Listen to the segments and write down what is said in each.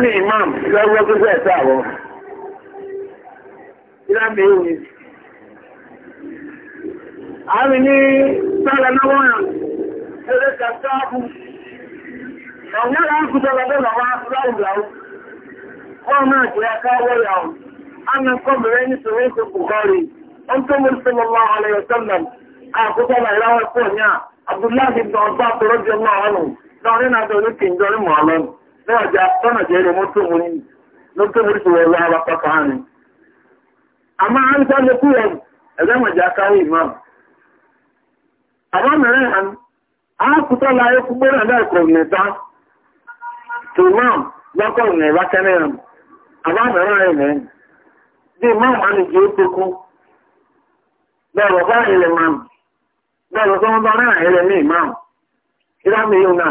ní imam lọ́wọ́ gbogbo ẹ̀tọ́ àwọ̀ ìlàmì ìwé àmì ní sọ́lọ̀ lọ́wọ́ ẹ̀rẹ́ kàtàkù ọ̀gbọ́n láàkù sọ́lọ̀ lọ́wọ́ láwùláwù wọ́n máa jẹ́ akáwọ́ yàwó àmì kọ́bẹ̀rẹ́ ní sọ́rọ̀ ìsọ̀kù kọrì ó tó mú sọ́lọ̀ àlẹ́yọ̀sọ́lọ̀ àkókò ìlàwọ̀ pọ̀ ní Abdullahi ibn Abbas rọ́jọ́ máa wọ́n lọ́rin àjọ ní kìí jọrí mọ̀ na tọ́nà jẹ́ rẹ̀ moto mọ́ ní lọ́tọ́ mọ́ sí wọ́n lọ́wọ́ pápá a ń sọ lè kú rẹ̀ ẹ̀dẹ́mọ̀já káwé imam. àmọ́ mẹ́rẹ̀ hàn á kútọ́ la ẹkú gbọ́nà lẹ́ẹ̀kọ́ nìta tó imam lọ́kọ̀ nìta kẹ́rẹ́ na na na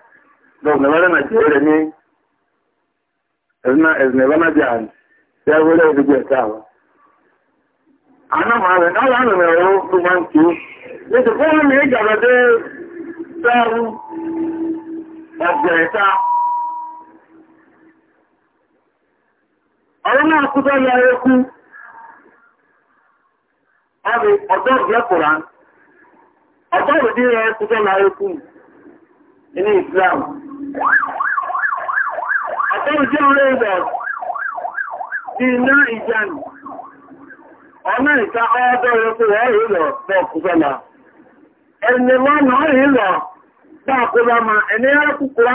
Donc, nevada e na chere ni, ezna na jan, ya wele ebi gwe sawa. Ana mawe, na la anu mewo luman ki, ni se kwa mi e gabade sawu, ọgbẹ̀ta. Ọ̀rọ̀ náà kú tó na eku e e Islam. àtẹ́rùjẹ́ orí ẹgbẹ̀ ti iná ìjánù ọ̀nà ìta ọdọ́ ẹ̀kọ́ ẹ̀rì lọ bọ́ọ̀kùsọ́lá ẹni lọ́nà ẹ̀rì lọ dákúrá ma ẹni ẹ̀rẹ́kùkúrá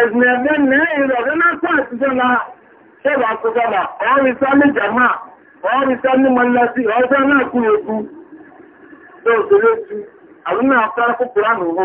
ẹ̀sìnẹ̀gbẹ́ ní ìrọ̀rẹ́ látà àtijọ́lá ṣẹ́bà kọjọ́lá ọ̀rìsá ní jàmá ọ̀rìsá ní mọ́lẹ́sí ọjọ́ náà kú ẹkú lóòtòrò tú àwọn náà fẹ́ kúkúrá nùhó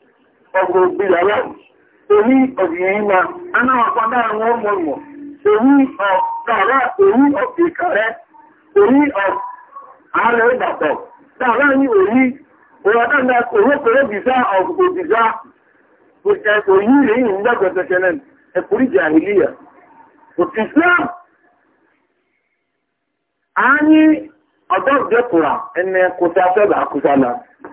ọgụ obirala èyí ọ̀gbìnrin ma anáwọ̀pá láàrin ọmọ ọmọ èyí ọ̀kàrá èyí ọ̀kẹ̀kẹ̀rẹ́ èyí ọ̀hálẹ̀ ìdàpọ̀ tààrà ní èyí ọ̀rọ̀dánà òrókòrò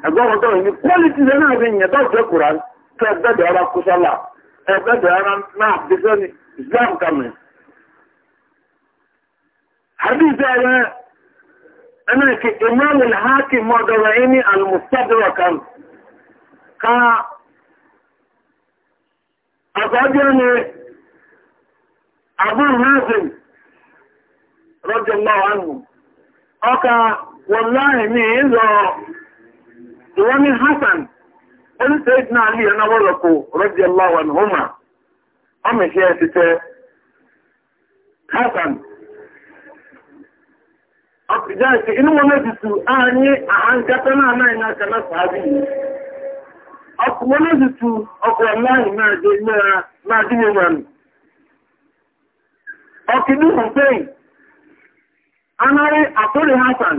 ẹgbọ́n tó yìí pọ́lìtì náà fi yẹn tọ́jú ẹkùnrán tó ẹgbẹ́dẹ̀ ara kú ẹgbẹ́dẹ̀ ara náà fi sẹ́ni islam kàmì. hadith ẹ̀rẹ́ ẹ̀nà kí imam al-haki ka mọ́ ìwọ́nì hassan oníṣẹ́ẹ̀dì náà lè náwó lọ́kọ̀ na aláwọ̀ ọmọ ìṣẹ́ ẹ̀sìtẹ́ hassan ọkùnjẹ́ ìṣẹ́ inú wọn méjì tù ààyè àhánkẹ́tẹ́ náà náà iná kaná sàábì ọkùnjẹ́ méjì tù ọkùnrin láàrín náà jẹ́ ìmẹ́ra náà dí hassan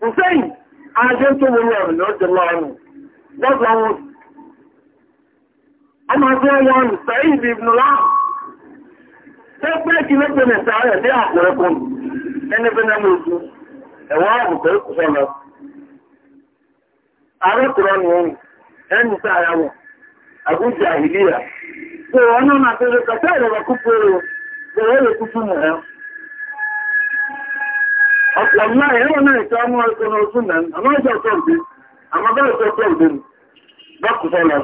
Hussein, ajé tó wọlé ọ̀rọ̀ lọ́jọ́ lọ́rùn, lọ́gbà wọn. Ọmọ tó wọn Sẹ́yìn ibn Láà. Ṣé pé kí ló pe nìta rẹ̀ dé àpẹẹrẹ Ẹni pé náà mo ju àbùkọ́ ìkùsọ̀ lọ. Arákùnrin ni wọn, ẹni ara wọn, náà máa kàtẹ́ ìrọ̀rọ̀ ọ̀pọ̀ náà ẹ̀rọ náà ìta mú ẹ̀kọ́ náà tún náà àmọ́jọ́ ọ̀tọ́ọ̀dé àmọ́jọ́ ọ̀tọ́ọ̀dé bákùsọ́lá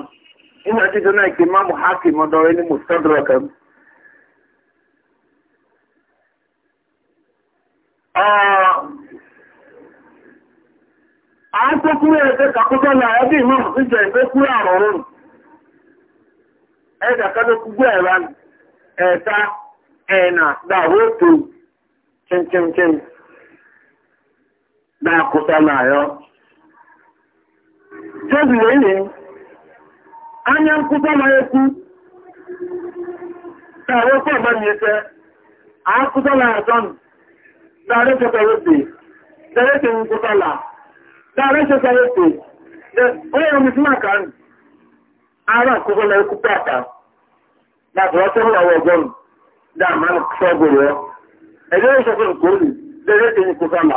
inú àtijọ́ náà kí máa mú hákì mọ́dọ̀rẹ́ ní mùsọ́dọ̀rọ̀ kan àákókúrẹ́ tó kẹ́kẹ́kẹ́ na-akụta na ya e chezuru m. anya nkwụta na ekwu ka ya ọgbanyete akụta na ya dare chekarete dare che nkwụta na dare chekarete onye omismaka ara akụta na ekwu pata na bụrọtụrụ ọwọ ọgọrụ da ma nkwụta ya ẹgbẹ́ ìṣẹ́fẹ́ ìkórè dare che nkwụta na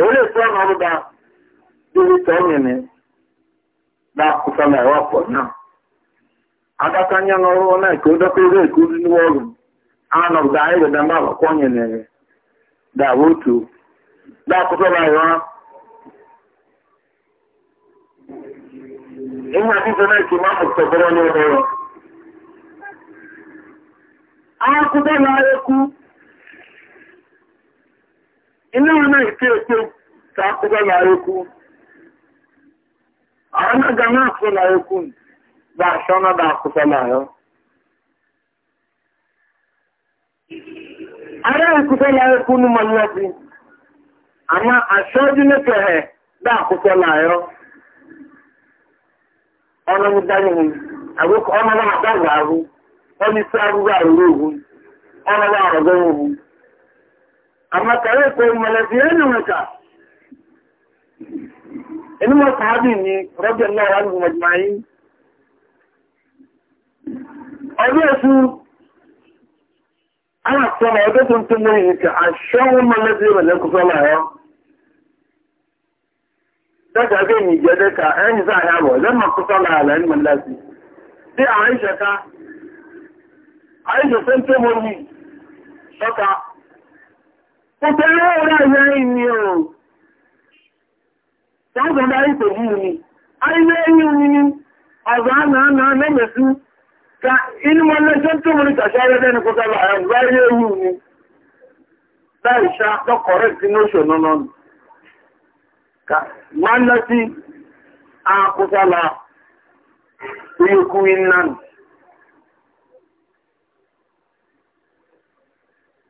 ewele esu ọrụ ọrụ ga dịrị ka ọ na akụkọ na ewe na agaka anya n'ọrụ na eke odọkọ ebe eke ozi n'ụwa ọrụ anọ anyị weda mba akwụkwọ otu na ewe ihe na eke ma onye ndị nwe na-ekpe ekpe ka akụga na ekwu anaga na akụ na ekwu na da akụsa na ahụ ara na amma kare ko malafiyar ne maka in ma sahabi ne rabbi Allah wa anhu majma'in ọdún su ana tsoma ọdún tuntun mai yake a shan malafiyar da kusa lawa daga zai ni gade ka yan za Nítorí ọ̀rọ̀ ìyá ìní ọ̀rọ̀. Ṣọ́gbọ̀n darí pẹ̀lú ìní. Ayé ẹni ìní ni ọ̀gbọ̀n àmà lọ́mẹ̀sú ka inú wọn lẹ́ṣẹ́ tó mú ní kàṣẹ́rẹ́ lẹ́nu kó ayé ẹni ìní. Láìṣá Ka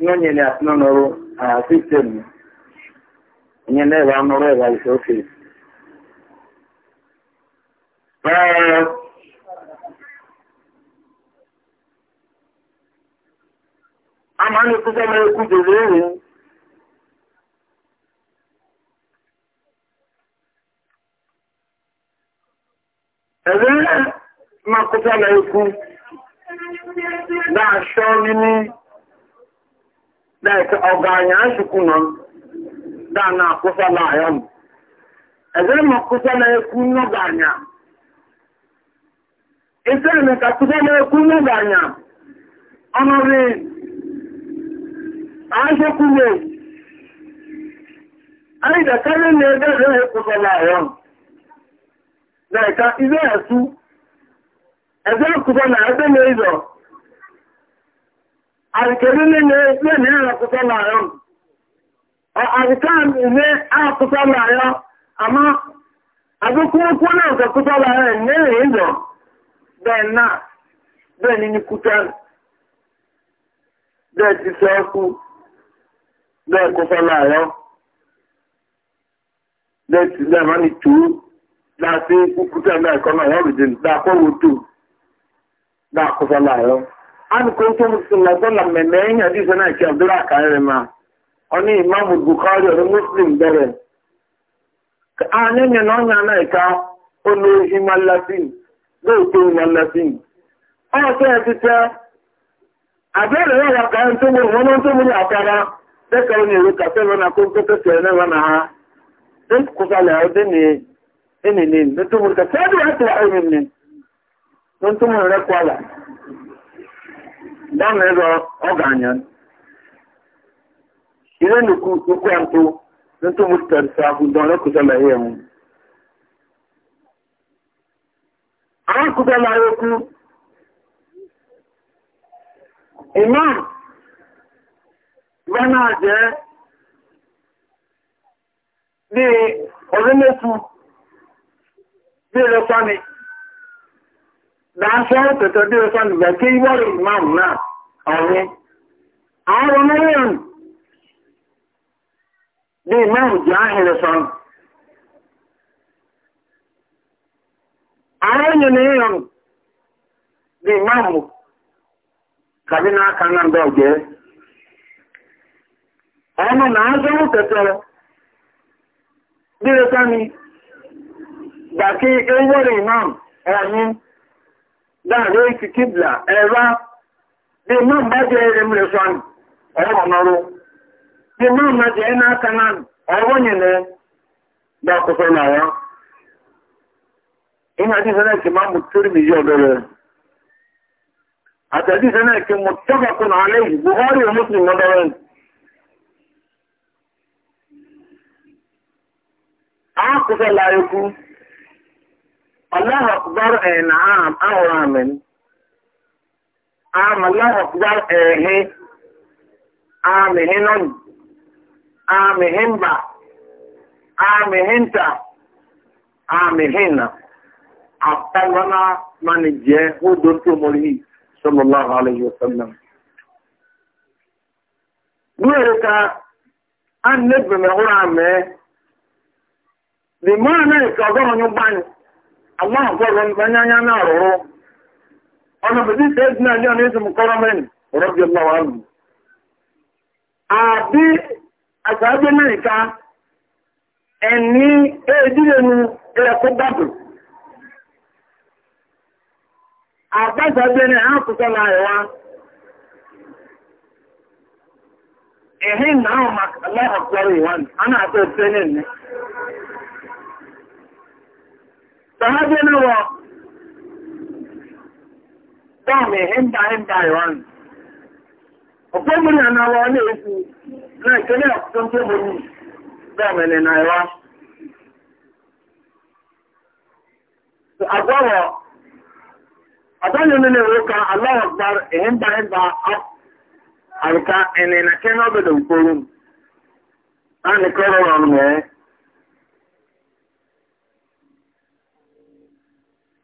ihe nyere ya sino nọrọ a sistem ihe na-ebe anọrọ ebe isi oke ama ndị kwụkwọ m ekwu jere eru ebe mmakwụkwọ m ekwu na-achọ n'ime na-echaa dịka ọgaranya nsukku nọ daa na-akwụsa n'ahịa m ezere m akwụsa na-ekwu n'ọgaranya ise eme ka kwụsa na-ekwu n'ọgaranya ọnọdụ ahịkwụwe anyị ga dakarị na ebe ezere ekwụsa n'ahịa m dịka ize esu ezere kwụsa na ebe na-ezọ àrìkèrè nílé lẹ́nìí ìrọ̀kútọ́ láàárọ̀. Àrìká ilé àkútọ́ láàárọ̀, àmá àdúkú ókú náà kẹkútọ́ láàárọ̀ nílé ìlọ bẹ́ẹ̀ náà bẹ́ẹ̀ ní ní kútọ́ bẹ́ẹ̀ ti fẹ́ kú bẹ́ẹ̀ kútọ́ láàárọ̀ bẹ́ẹ̀ ti lẹ́ẹ̀ máa ní tú láti kúkútọ́ láàárọ̀ náà wọ́n rìndìn dáa kọ́wọ́ tó an kuntum sallallahu mẹ̀mẹ́ yìí àdíṣẹ́ náà kí àbúrà kàárẹ̀ ma ọní ìmáàmù bukari ọ̀rọ̀ muslim bẹ̀rẹ̀ àníyàn náà yàn náà na olú ìmọ̀lẹ́sìn lóòtó ìmọ̀lẹ́sìn ọ̀sẹ̀ ti tẹ́ àbẹ́rẹ̀ náà wà kàárẹ̀ tó mú wọn tó mú ní àkàrà dẹ́kẹ̀rọ dáhùn ẹ̀rọ ọgà yẹn ilé nìkú nìkú ẹ̀ tó nítorí mo tẹ̀lé sí àgùdàn lẹ́kùsẹ̀ lẹ́yìn ẹ̀hún. àwọn kùsẹ̀ láyé kú imam wọ́n náà jẹ́ bí ọdún mẹ́tù bí ẹlẹ́sánì dáṣẹ́ tẹ̀tẹ̀ bí ó sọ́nà ìgbà kí wọ́rọ̀ imam náà ọ̀rẹ́ àwọn mẹ́rin bí imam jẹ́ ahìrẹ̀ sọ́n àwọn ènìyàn bí imam kàbí náà kan náà ọmọ náà sọ́rọ̀ tẹ̀tẹ̀ bí ó kí ọ̀rẹ́ dáàrin èkì kíblà ẹ̀rá bí bá jẹ́ eré mìíràn sọ́n ọ̀rọ̀ ọ̀nọ́rọ̀ bí jẹ́ iná kaná ọ̀rọ̀ yìnlẹ̀ dákọ̀ọ́sọ́ náà ina ji sanar ki a tadi sanar wa Allahu akbar eh na'am ahụrụ amin am Allahu akbar ehe eh, amihinun amihimba amihinta amihina àtàlọ́nà mani jẹ́ ó dó tó sallallahu alaihi wasallam. Búrẹ̀ ka an nẹ́bẹ̀mẹ̀ húra mẹ́, lè ka náà ìkọgọ́rùn Allah gwara banya anya na arụrụ ọnụ bụ dịka ezi na ndị na-eso m kọrọ men rọbi Allah anhu àbí àtàgbé mẹ́rìnká ẹni èdìrẹ̀nu ẹ̀kọ́ bàbù àbájáde ní àkùsọ na ẹ̀wá ẹ̀hìn náà a Sahabe na wọ. Dọ́ọ̀mù ìhìndà ìhìndà ìwọ̀n. Ọ̀pọ̀ múrí àná wọ ní èsù náà ìkẹ́lẹ̀ ọ̀pọ̀ tó mú ní dọ́ọ̀mù ní Nàìwá. Àgbọ̀wọ̀, àtọ́lẹ̀ nínú kan aláwọ̀ gbà ìhìndà ìhìndà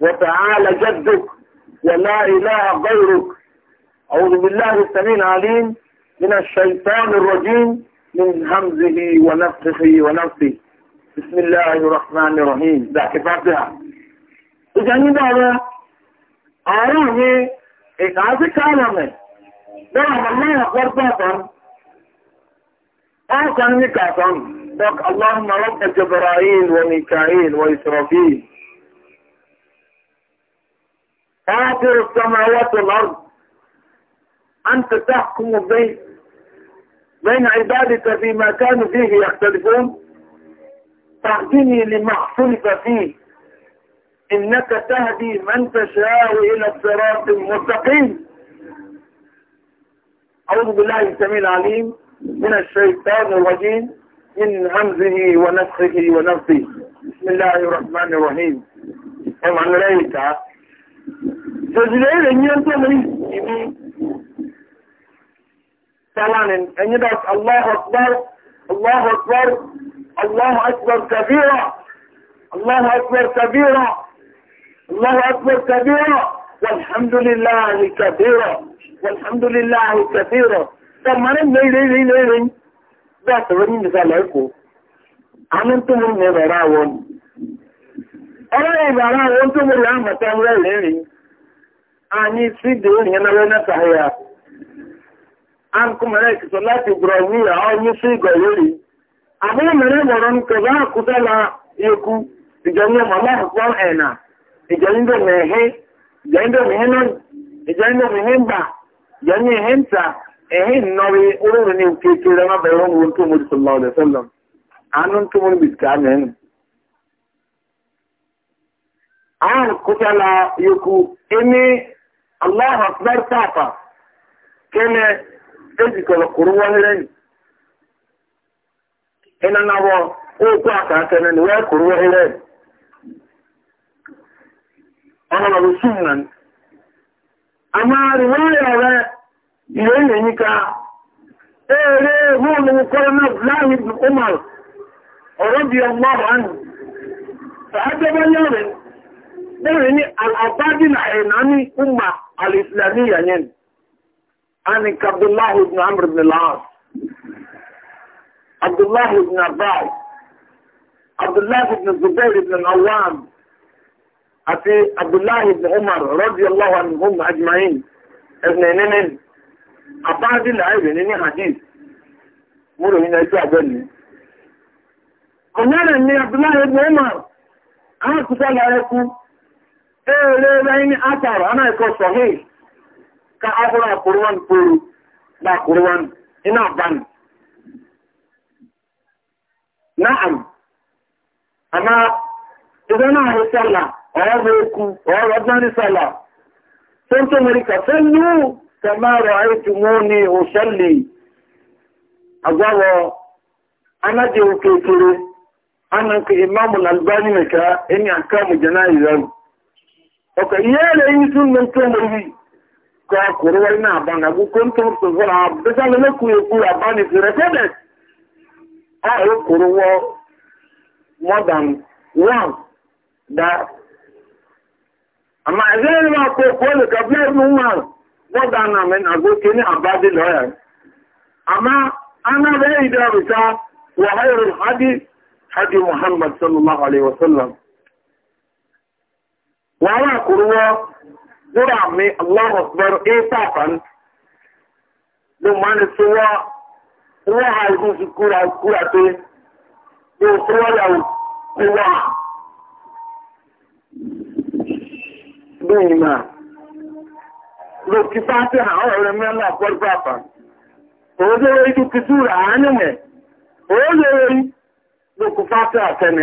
وتعالى جدك ولا إله غيرك أعوذ بالله السميع العليم من الشيطان الرجيم من همزه ونفخه ونفسه بسم الله الرحمن الرحيم ده كفاتها إجاني بابا أعرفه إقاذ كلامه ده الله أكبر بابا أعطاني كافا اللهم رب جبرائيل وميكائيل وإسرافيل فاطر السماوات والأرض أنت تحكم بين بين عبادك فيما كانوا فيه يختلفون تهدني لما اختلف فيه إنك تهدي من تشاء إلى الصراط المستقيم أعوذ بالله السميع العليم من الشيطان الرجيم من همزه ونفخه ونفسه بسم الله الرحمن الرحيم ومن رأيك Òjìlẹ̀ èrè ní ọjọ́ mú ìbí Salamin, ẹni bá Allahu Akbar, Allahu Akbar, Allahu Akbar Kabira, Allahu Akbar Kabira, Allahu Akbar Kabira, walhamdulillahi Kabira, walhamdulillahi Kabira. Sọ̀mọ́rin lè rí rí rí bẹ́ẹ̀ sọ̀rọ̀ ní ìsàlẹ̀ ẹ̀kọ́. Àmì tó mú ní ẹ̀rọ àwọn ọlọ́rẹ̀ ìbàrá àwọn tó mú láàmàtà rẹ̀ lẹ́rin àní sídè òyìn náà lẹ́nàtà ya a ń kúmọ̀rẹ́ ìkìsọ láti gbọ̀rọ̀wúra ọmú sí ìgọ̀ lórí àbúrò mẹ́rẹ́ mọ̀rọ̀ ń kẹ̀bá àkútọ́lá ikú ìjọyìn mọ̀mọ́ àkọ́ ẹ̀nà ìjọyìn dòmìnir ìjọyìn dòmìnir ìjọyìn dòmìnir bà ìjọyìn ìhìntà ẹ̀hìn nọrí orúurú ní kékeré má an kutala yoku emi allah akbar tapa kene ezi kolo kuru wahere ni ina na wo oku aka kene ni we kuru wahere ni ọ̀nà ọ̀rọ̀ súnmọ̀ ní àmàrí wáyà rẹ̀ ilé ilẹ̀ yíká ẹ̀rẹ́ rúnlù kọ́lọ́nà láàrin umar ọ̀rọ̀ bí Dere ni al'abadi na enani umma al'islamiyya a ani Abdullahi ibn Amr ibn al'as, Abdullah ibn Abbas, Abdullahi ibn Zubair ibn al'awam, àti abdullahi ibn Umar radiyallahu anhum ajma'in, ẹ̀sìn ẹ̀nẹ́nẹ́ àbáàdì láìrè ní hadith, múrò ní ẹjọ́ àgbẹ̀ni. Ọ̀nà rẹ̀ ni Abdullah ibn Umar, a eere ni atara anaghịkọ sọhị ka ọhụrụ akụrụwan kwuru na akụrụwan ina ban na'am amma idan na ahụ sallah ọrụ okwu ọrụ ọdịnarị sallah sun tó mẹ́rin kàfẹ́ lú kàmàrọ̀ àìtù mọ́ ni òṣèlè agbáwọ̀ ok yanayin sunan tumuri ka kurwar na bana gukun tumurtu zura da zama na kuye kuya ba ni fira kebe a yi kurwa more than one da amma a zai ma ko kone ka biyar numa wadda na min agoke ni abadi lawyer amma ana bai da rita wa hayar hadi hadi muhammad sallallahu alaihi wasallam wàhálà kúrúwọ́ lórí àmì Allahu Akbar éfàfàn ló máa ń sọ wọ́ wọ́n ha ìlú sí kúra kúra pé yóò sọ wọ́n yà kúwà bẹ́ẹ̀ mà ló kí fáńtì àwọn ọ̀rẹ́ mẹ́rin náà pọ́lú pàpà òun lè rí tó kìtù rà á ló kú fáńtì àtẹnì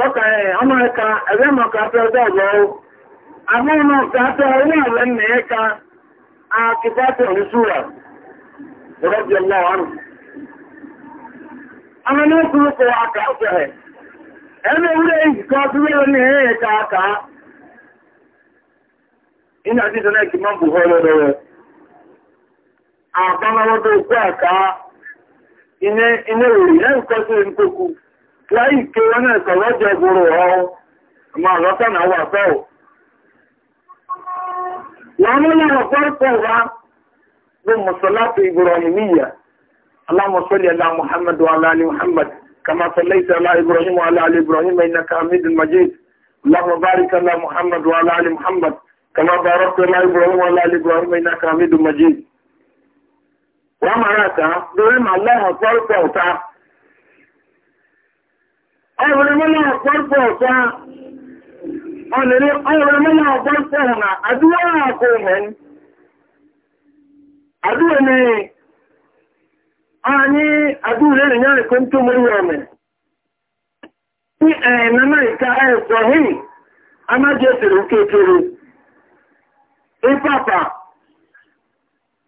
tọ́ka ẹ̀ ọmọ ẹ̀ka ẹ̀rẹ́ mọ̀ká fẹ́ ọjọ́ àwọn ọmọ ìsáfẹ́ orí àwọn ẹ̀mẹ̀ ẹ̀ka akìfáfẹ́ òṣùwà rọ́bì ọlọ́run àwọn ní òkúrúkọ akáfẹ́ ẹ̀ ẹ̀mẹ̀ orílẹ̀ ní aka iná títọ náà kì máa bù họ́ lọ́dọ̀rọ̀ àbámọ́wọ́dọ̀ òkú àká iná sí láì ké wọn náà sọ̀rọ̀ jẹ gbòrò ọ̀hún ọmọ ọ̀lọ́tọ̀nà wà sọ́ọ̀ wọ́n mú lọ́rọ̀ pọ́rọ̀pọ̀ wá bí mùsùlùmí ibrahimiyya alámọ̀sọ́lì alá muhammad wa alá muhammad kama sallaita ala ibrahim wa ibrahim innaka hamidul majid اللهم بارك على محمد وعلى ال محمد كما باركت على ابراهيم وعلى ال ابراهيم انك حميد مجيد وما راك دوما الله اكبر ọ̀rọ̀ mọ́nà ọ̀pọ̀pọ̀ ọ̀pá ọ̀nìrí ọ̀rọ̀ a ọ̀pọ̀pọ̀ ọ̀nà àdúwà àkó mẹ́rin àdúwà ní ààyí nke rẹ̀ yára kó ń tó mọ́rí ọ̀mẹ́ tí ẹ̀ẹ̀nàmà ìka ẹ̀ẹ̀kọ̀ hìí amájẹ́sìrì kékeré ìpàpà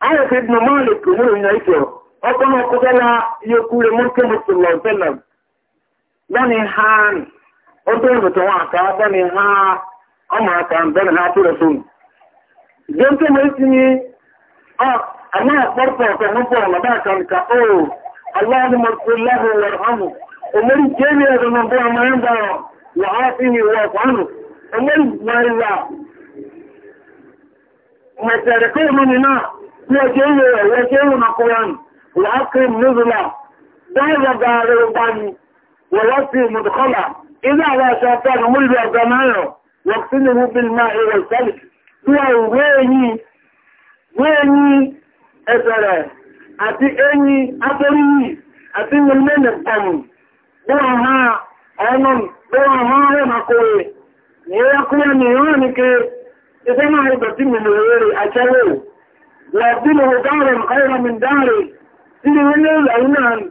ayọ̀kẹ́ bani han o to mutum aka bani ha ọmọ aka bani na tura sun don to mai sinye a amma farko ka mun fara mata kan ka o Allahu maghfirlahu warhamhu umari jeni da mun ba mai da wa afihi wa qanu umari mariya mata ko mun na ko jeni ya ko ووصي مدخلا إذا لا شافان ولد أبدانايا واغسله بالماء والسلك دوا ويني ويني أسرع أتي أني أتري أتي من من الثاني دوا ها أمم دوا ها يا أقوي يقول نيونك إذا ما هي من غيري أشهر وأبدله دارا خيرا من داري سيدي ولي الأيمان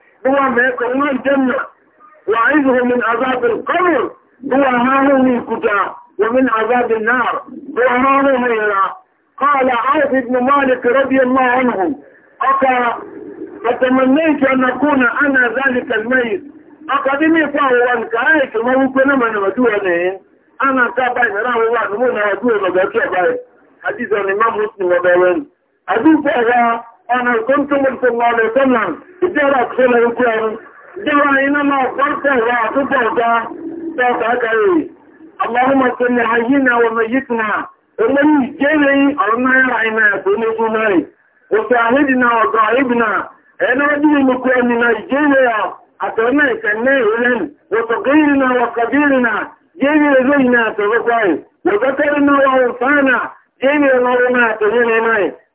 هو ما يقوم الجنة وعيده من عذاب القبر هو هاهو من كتا ومن عذاب النار هو هاهو من قال عوف بن مالك رضي الله عنه أكا فتمنيت أن أكون أنا ذلك الميت أقدمي فهو أنك عايش موكنا من مدونين أنا تابعين راه الله نمونا مدونة بكيبه حديث عن إمام مسلم وبيوين أدوك أغا ọ̀nà ìkóntúmù ìfòmọ̀lẹ̀ tọ́nà ìjẹ́rà kúrò ikú ẹni jẹ́rà iná máa pọ́ntẹ̀ rọ àtúgbọ̀ ọ̀gá tọ́ta kẹrì Allahumma salli hayyina wa mayyitna eléyìí jẹ́rẹ̀ ọ̀rọ̀ náírà iná ẹ̀kọ́ ní fún mẹ́rin òfin àhídìna ọ̀gá ìbìnà ẹ̀nà ọdún ìmúkú ẹni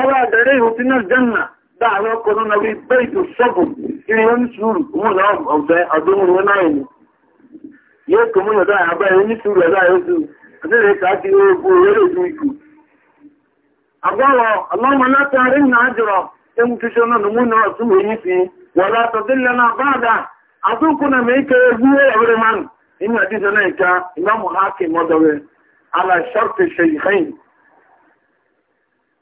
awa da rai hutunar janna da awa kwanan na wai bai da sabu iri wani suru kuma na abin ruwa na yi ya kuma na da ya bai wani suru da ya su a zai rai kati ya yi ko ya rai duku agbawa allahumma la tarin na ajira in mutu shi na numu na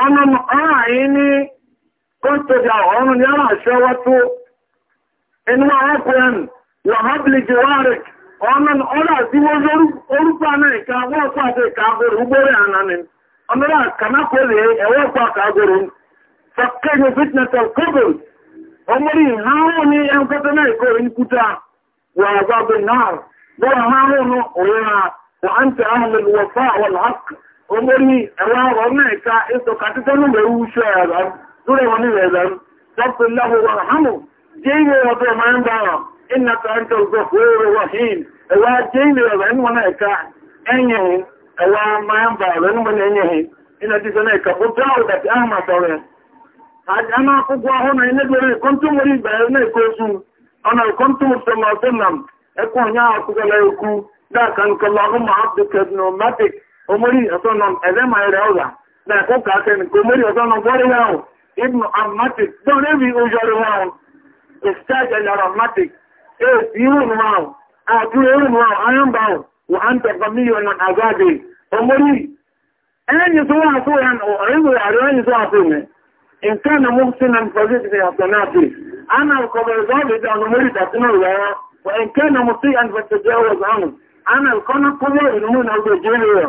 ọmọ ààrin ní kọ́ntọ̀dà ọ̀run ní àwọn àṣẹwọ́tó inú ọkùnrin lọ́hábìlì jẹwàrẹ̀ ọmọ ọ̀rọ̀ àti wọ́n orúkọ náà ìka wọ́pọ̀ àti ìkàgòrò ugbórẹ̀ ànánì ọmọdá kanákòrè ẹwọ́pọ̀ àkàgòrò fọ́kẹ́gbẹ̀ fitness of kogol ọmọdé ìhárùn ní ẹnkọ́tọ́ náà ìkọ́ ìkúta wà àgbàgbẹ̀ náà bọ́ọ̀ omori ẹ̀wọ́ ọ̀rọ̀ ẹ̀ka na eka nílẹ̀ ìwúṣọ ẹ̀rọ lórí wọn nílẹ̀ ẹ̀rọ lọ́pọ̀ lọ́wọ́ wọn hàmù jẹ́ ilé ọ̀dọ́ máa ń dára iná tàǹtà ọ̀gbọ̀ fòóró wahim ẹ̀wọ́ jẹ́ ilé ọ̀rọ̀ ẹni wọn ẹ̀ka ẹ̀yìn bá tí ó a máa sọ̀rọ̀ àmà kókó ahọ́nà kọ́ntúmọ̀rí na náà omori ọ̀tọ́nà ẹ̀lẹ́mà ẹ̀rẹ̀ ọ̀rà lẹ́ẹ̀kọ́ kàákẹ́ni kò mori ọ̀tọ́nà gbọ́rí láwọn ibnu amatic dán níbi ojọ́rí wọn ìstájẹ̀ yàrá amatic èsì e, irun wọn àti irun wọn ayọ́mbà wọ àǹtẹ̀kọ́ mílíọ̀nù àgbàdì omori ẹ̀yìn tó wà fún ẹ̀ ọ̀rẹ́gbẹ̀ àríwẹ̀yìn tó wà fún mi nǹkan na mọ́sí na mọ́sí àtọ̀nàtì ana kọ̀bẹ̀ zọ́ọ̀dẹ̀ dán omori tàtínà ìwẹ̀rọ wọ nǹkan na mọ́sí àtọ̀nàtì kọ́nà kọ́nà ìrùmú na ọgbẹ̀ jẹ́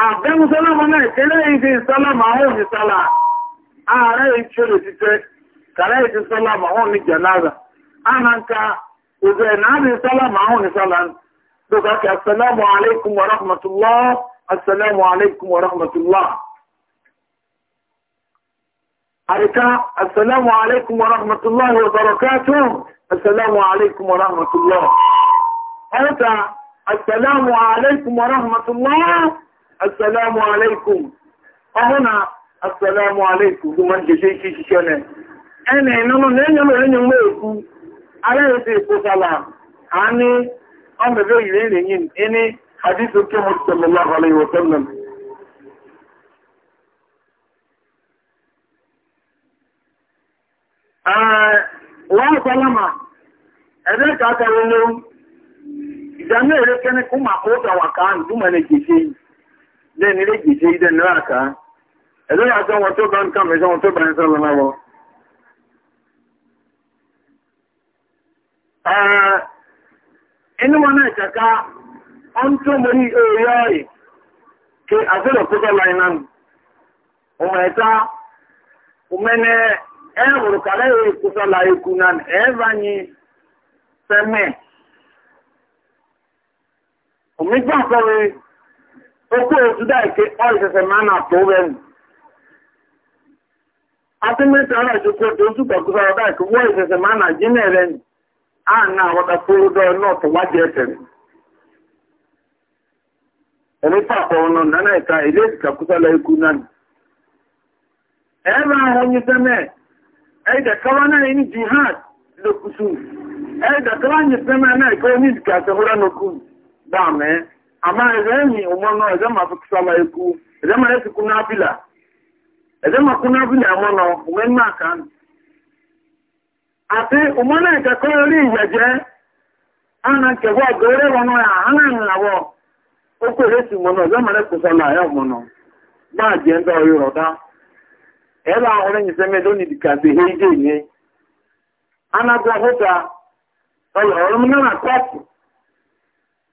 Àbẹ́mú sọ́lọ́mọ náà ìpínlẹ̀ ìdí ìsọ́lọ́mọ àwọn òmìsọ́lá. Ààrẹ ìṣòro títẹ́, kàrẹ́ ìdí sọ́lọ́mọ àwọn òmìjẹ̀lára. A na nka òzò ẹ̀nà àbí sọ́lọ́mọ àwọn òmìsọ́lá. Dókàkì, Assalamu alaikum wa rahmatullah, Assalamu alaikum wa rahmatullah. Àríká, Assalamu alaikum wa rahmatullah wa barakatuh, Assalamu alaikum wa rahmatullah. Ẹ̀ta, Assalamu alaikum wa rahmatullah. assalamu alaikum ọhụna assalamu alaikum bụ ike na enyo mere enyo mgbe ekwu aláyẹsẹ ìpòsàlà àní ọmọdé yìí rẹ̀ yìí ẹni hadith oké mo sallallahu alaihi wa sallam wọ́n na ẹ̀rẹ́ kàkàrẹ̀ lóhun ìdáná èrè na kú màá kó tàwà káà lẹ́yìn ilé ìgbìṣẹ́ ìdẹ ní àká ẹ̀lú yàtọ̀ wọn tó bá ń kàmì sọ wọn tó bá ń sọ lọ́nà wọn. inú wọn náà kàkà ọ́n tó mọ̀ ní òòyọ́ rẹ̀ kí àfihàn púpọ̀ láì náà ọmọ ẹ̀ta ọmọẹ̀nẹ́ okwu otuda ike ọrịsịsị ma a na-atụ ụbẹ̀mù atụmịtị ọrịa chukwu otu otu kọkụsa ọrịa ike wọ ọrịsịsị ma a na ji na-ere a na-aghọta kwuru dọọ n'ọtụ waji efere ẹ̀mípa àpọ̀wọ̀nà nánà ẹ̀ka ilé ìkàkúsá lọ ikú náà ẹ̀rọ ahọ́ yìí fẹ́mẹ̀ ẹ̀dẹ̀kọ́wọ́ náà ní jihad lókùsù ẹ̀dẹ̀kọ́wọ́ yìí fẹ́mẹ̀ ka ẹ̀kọ́ ní ìdìkà àṣẹ́húrá lókù dáàmẹ́ ama idan ni ụmụnọ idan ma eku kusa ma yaku idan ma yasi kuna ma kuna fila umarno umar na kan àti umarno ìka kọ́ orí ìyẹ̀jẹ́ ana kẹwọ́ ya ana ìrìnàwọ́ ó kò okwu sí umarno ma yẹ kusa ma yẹ umarno bá jẹ́ a dọ̀ yọrọ̀ dá ẹ̀rọ ọlọ́run náà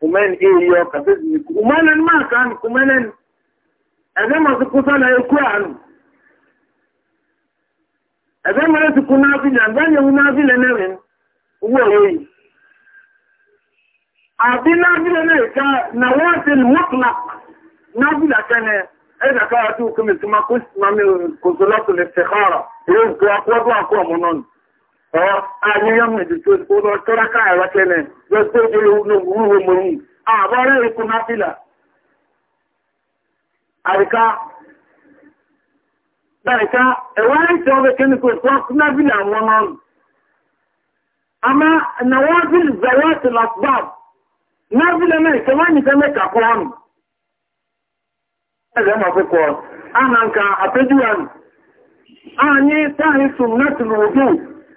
kumen iyo kabezi kumenen makan kumenen ebe masu kusa na eku anu ebe mere su kuna fi na ebe nye una fi lenerin uwe oyi abi na fi lenerin ka na watin mutlak na fi da kene eza kawatu kuma kuma kusurlatu istikhara yau kuwa kuwa kuwa kuwa munonu ayẹyẹmọ ìdìtò ìpòlọ tọ́ráká ẹ̀rọ́tẹ́lẹ̀ lọ́gbẹ́ ìdílé olóòwúrò mọ̀rún àbọ́rẹ́ ikú náfílà àríká dáríká ẹ̀wọ́n ìtẹ́ ọmọ kẹ́nìkò fún náfílà wọn náà àmá nàwọ́bìl zẹ̀wọ́tì lọ́gbàb náfílà náà ìtẹ́ wọ́n a mẹ́ta táàrí sùn náà tìlù òdù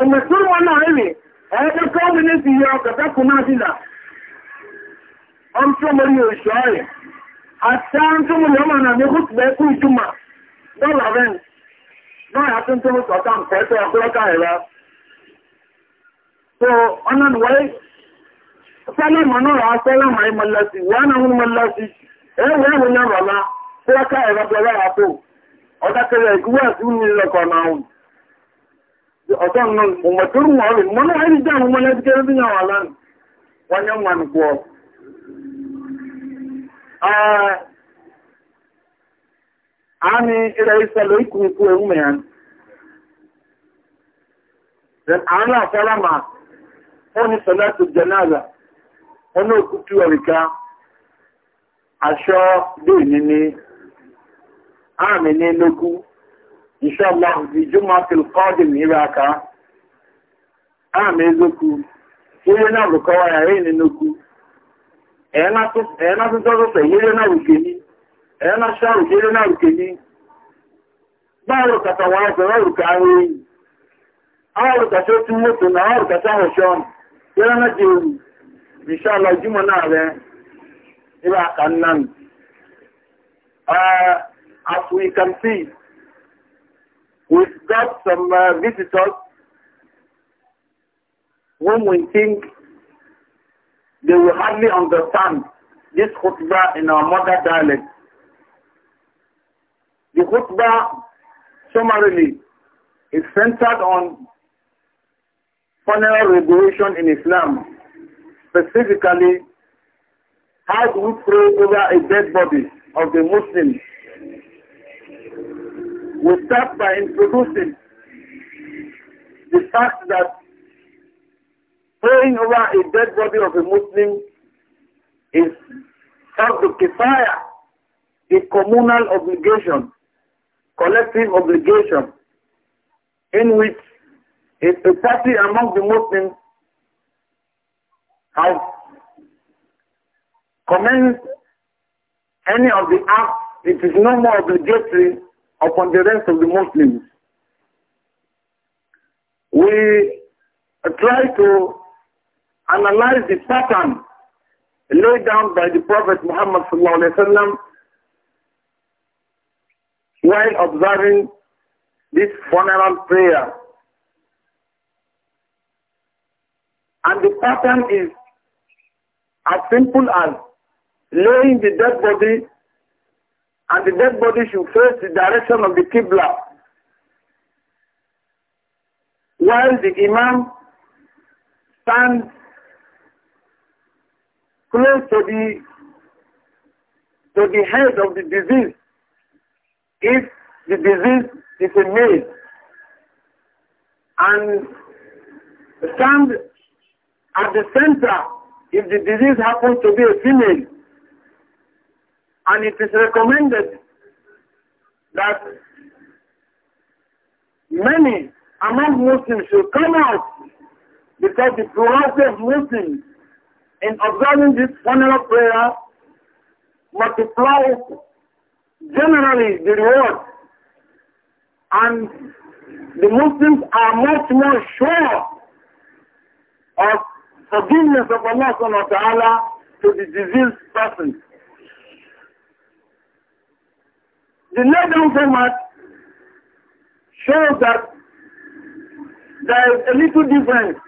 Òmùsùn wọn náà rẹ̀ ẹ̀ẹ́dẹ́ kọ́ mi ní ti yọ ọ̀gọ̀dá kù náà sílà. Ọm tí ó mọ̀rí òṣù ọ̀rẹ̀. Àti àwọn tó mọ̀rí ọmọ náà ní kú ti bẹ́ẹ̀ kú ìtumà dọ́là rẹ̀. Náà yà tó ń tó mú sọ̀tà ń pẹ́ tó ọkọ́lọ́kà ẹ̀rọ. So, ọ̀nà nìwọ̀nyí, sálẹ̀mọ̀ náà rà sálẹ̀mọ̀ ìmọ̀lẹ́sì, wọ́n náà ń mọ̀lẹ́sì, ẹ̀wọ̀n ẹ̀wọ̀n yẹn rọ̀ lá, kọ́lọ́kà ẹ̀rọ bẹ̀rẹ̀ àpò. Ọ̀dà kẹrẹ ìgbúwà sí ní ilẹ̀kọ̀ náà ọ̀tọ́n nan umatur mawari mana hari da mu mana da kare dunya walan wannan man ko ah ani ira isa loyi ku ku mu men dan ana salama oni salatu janaza ono kutu wika aṣọ de ni ni ami ni loku إن شاء الله في الجمعة القادم هناك أنا ميزوكو هنا ركوا يا هين نوكو أنا تس أنا تسوس هنا ركني أنا شاو هنا ركني báwo kàtà wà ọ̀sọ̀rọ̀ òrùka orí àwọn òrùka tó tún mọ́tò náà àwọn òrùka táwọn ṣọ́n yẹ́rọ náà jẹ́ òrù ìṣàlọ̀ We got some uh, visitors whom we think they will hardly understand this khutbah in our mother dialect. The khutbah, summarily, is centered on funeral regulation in Islam, specifically how do we pray over a dead body of the Muslims We start by introducing the fact that praying over a dead body of a Muslim is part of kifaya, a communal obligation, collective obligation, in which if a party among the Muslims has commenced any of the acts, it is no more obligatory upon the rest of the Muslims. We try to analyze the pattern laid down by the Prophet Muhammad sallam, while observing this funeral prayer. And the pattern is as simple as laying the dead body and the dead body should face the direction of the Qibla. While the Imam stands close to the, to the head of the disease, if the disease is a male, and stands at the center if the disease happens to be a female, and it is recommended that many among Muslims should come out because the practice of Muslims in observing this funeral prayer multiplies generally the reward and the Muslims are much more sure of forgiveness of Allah subhanahu wa ta'ala to the diseased person. The lay format shows that there is a little difference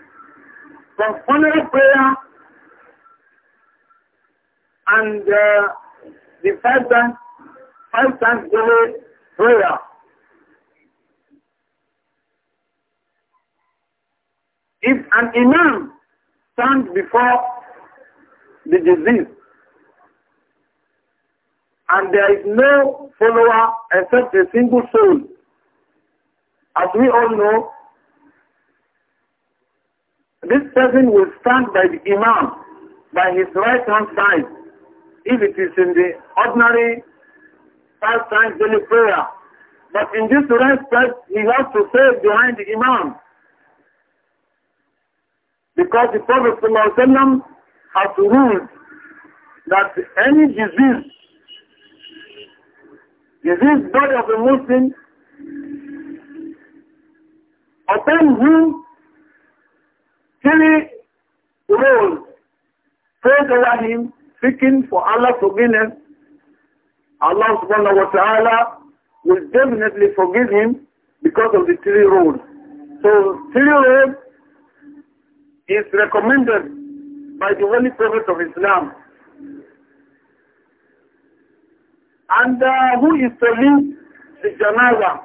from funeral prayer and uh, the five times five times daily prayer. If an imam stands before the deceased and there is no follower except a single soul. As we all know, this person will stand by the Imam, by his right hand side, if it is in the ordinary five times daily prayer. But in this respect, he has to stay behind the Imam. Because the Prophet ﷺ has ruled that any disease Is this body of a Muslim? Upon whom three roles prayed over him, seeking for Allah's forgiveness, Allah subhanahu wa ta'ala will definitely forgive him because of the three roles. So three roles is recommended by the Holy Prophet of Islam and uh, who is to lead the janaza.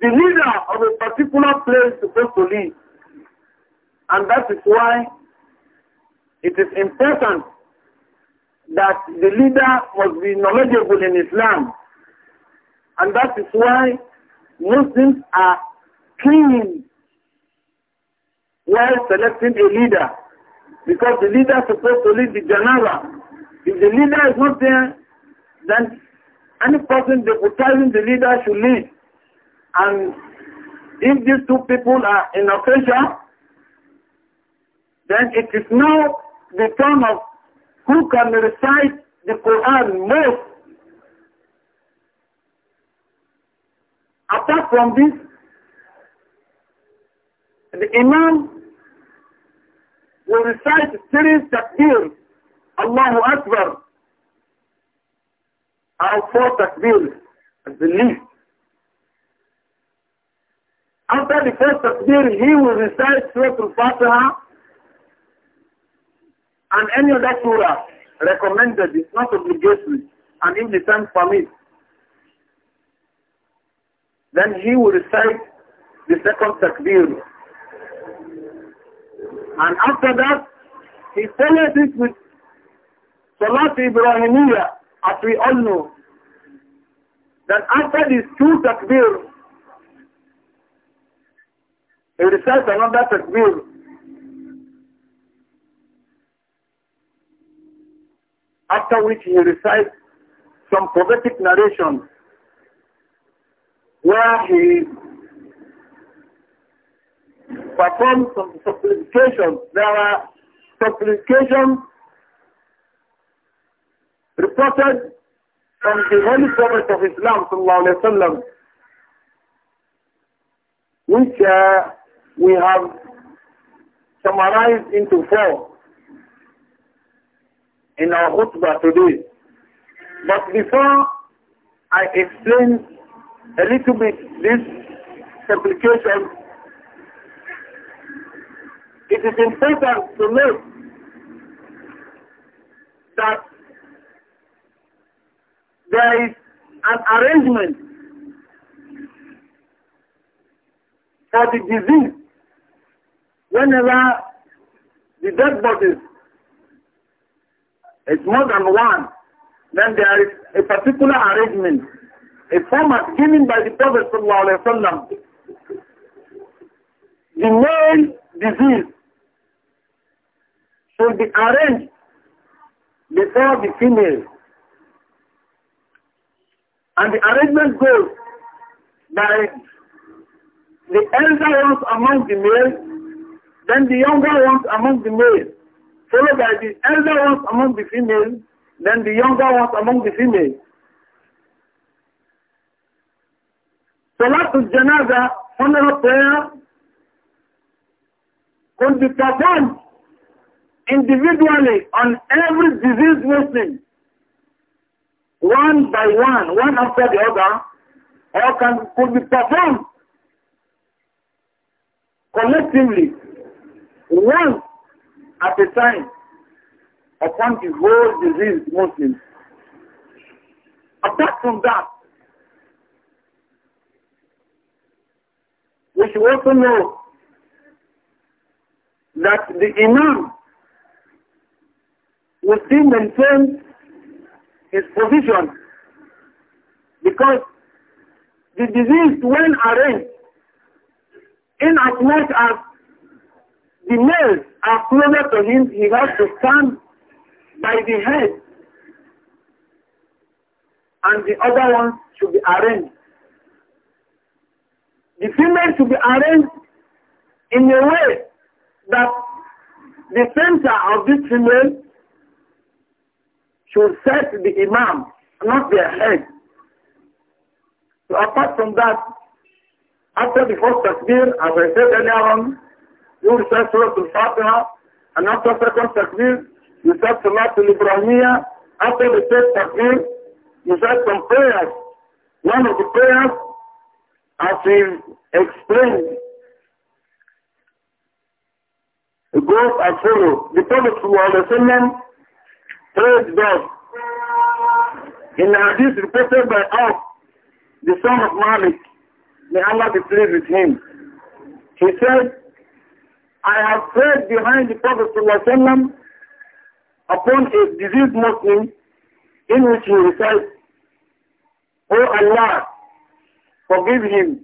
The leader of a particular place is supposed to lead. And that is why it is important that the leader must be knowledgeable in Islam. And that is why Muslims are keen while selecting a leader. Because the leader is supposed to lead the janaza. If the leader is not there, then any person deputizing the leader should lead. And if these two people are in official, then it is now the turn of who can recite the Quran most. Apart from this, the Imam will recite three takbir, Allahu Akbar, our four takbir at the least. After the first takbir, he will recite Surah Al-Fatiha and any other surah recommended. It's not obligatory. And if the time permits, then he will recite the second takbir. And after that, he follows it with Salat Ibrahimiyah, as we all know, that after these two takbir, he recites another takbir. After which he recites some prophetic narration where he performs some supplication. There are supplications reported from the Holy Prophet of Islam وسلم, which uh, we have summarized into four in our khutbah today. But before I explain a little bit this supplication, it is important to note that There is an arrangement for the disease whenever the dead bodies is more than one, then there is a particular arrangement, a format given by the Prophet ﷺ. The male disease should be arranged before the female. And the arrangement goes by the elder ones among the males, then the younger ones among the males, followed by the elder ones among the females, then the younger ones among the females. Salatul Janaza, funeral prayer, could be performed individually on every diseased Muslim one by one, one after the other, or can could be performed collectively, one at a time, upon the whole disease Muslims. Apart from that, we should also know that the Imam will still maintain His position, Because the disease, when arranged, in as much as the males are closer to him, he has to stand by the head. And the other one should be arranged. The female should be arranged in a way that the center of this female should set the imam, not their head. So apart from that, after the first takbir, as I said earlier on, you will say Surah Al-Fatiha, and after second takbir, you say Salat Al-Ibrahimiyya, after the third takbir, you say some prayers. One of the prayers, as we explained, it goes as follows. The Prophet Sallallahu Alaihi Wasallam praise God. In the hadith reported by us, the son of Malik, may Allah be pleased with him. He said, I have prayed behind the Prophet ﷺ upon a diseased Muslim in which he recites, O Allah, forgive him,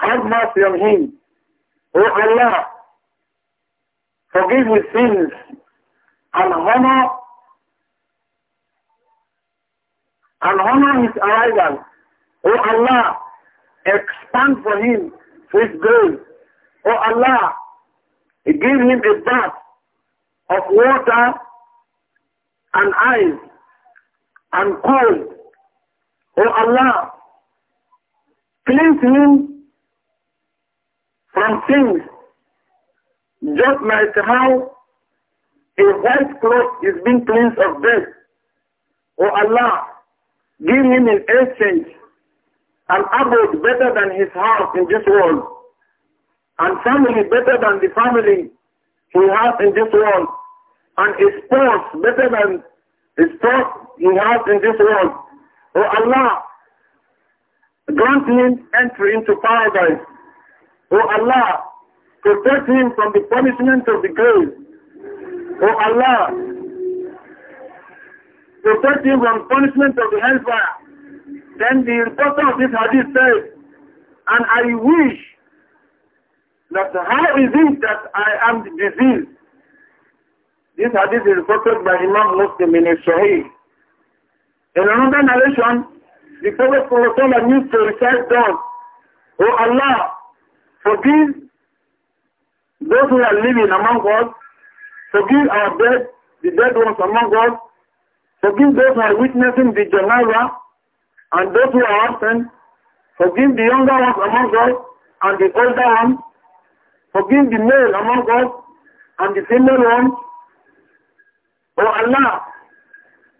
have mercy on him. O Allah, forgive his sins and honor and honor his arrival. O Allah, expand for him his goal. O Allah, give him a bath of water and ice and cold. O Allah, cleanse him from things just like how a white cloth is being cleansed of death. O Allah, Give him in essence an abode better than his house in this world, and family better than the family he has in this world, and his spouse better than his spouse he has in this world. Oh Allah, grant him entry into paradise. Oh Allah, protect him from the punishment of the grave. Oh Allah, protect him from punishment of the hellfire. Then the reporter of this hadith says, and I wish that how is it that I am diseased? This hadith is reported by Imam Muslim in Sahih. In another narration, the Prophet Prophet used to recite "O Oh Allah, forgive those who are living among us, forgive our dead, the dead ones among us, Forgive those who are witnessing the janazah and those who are absent. Forgive the younger ones among us and the older ones. Forgive the male among us and the female ones. O oh Allah,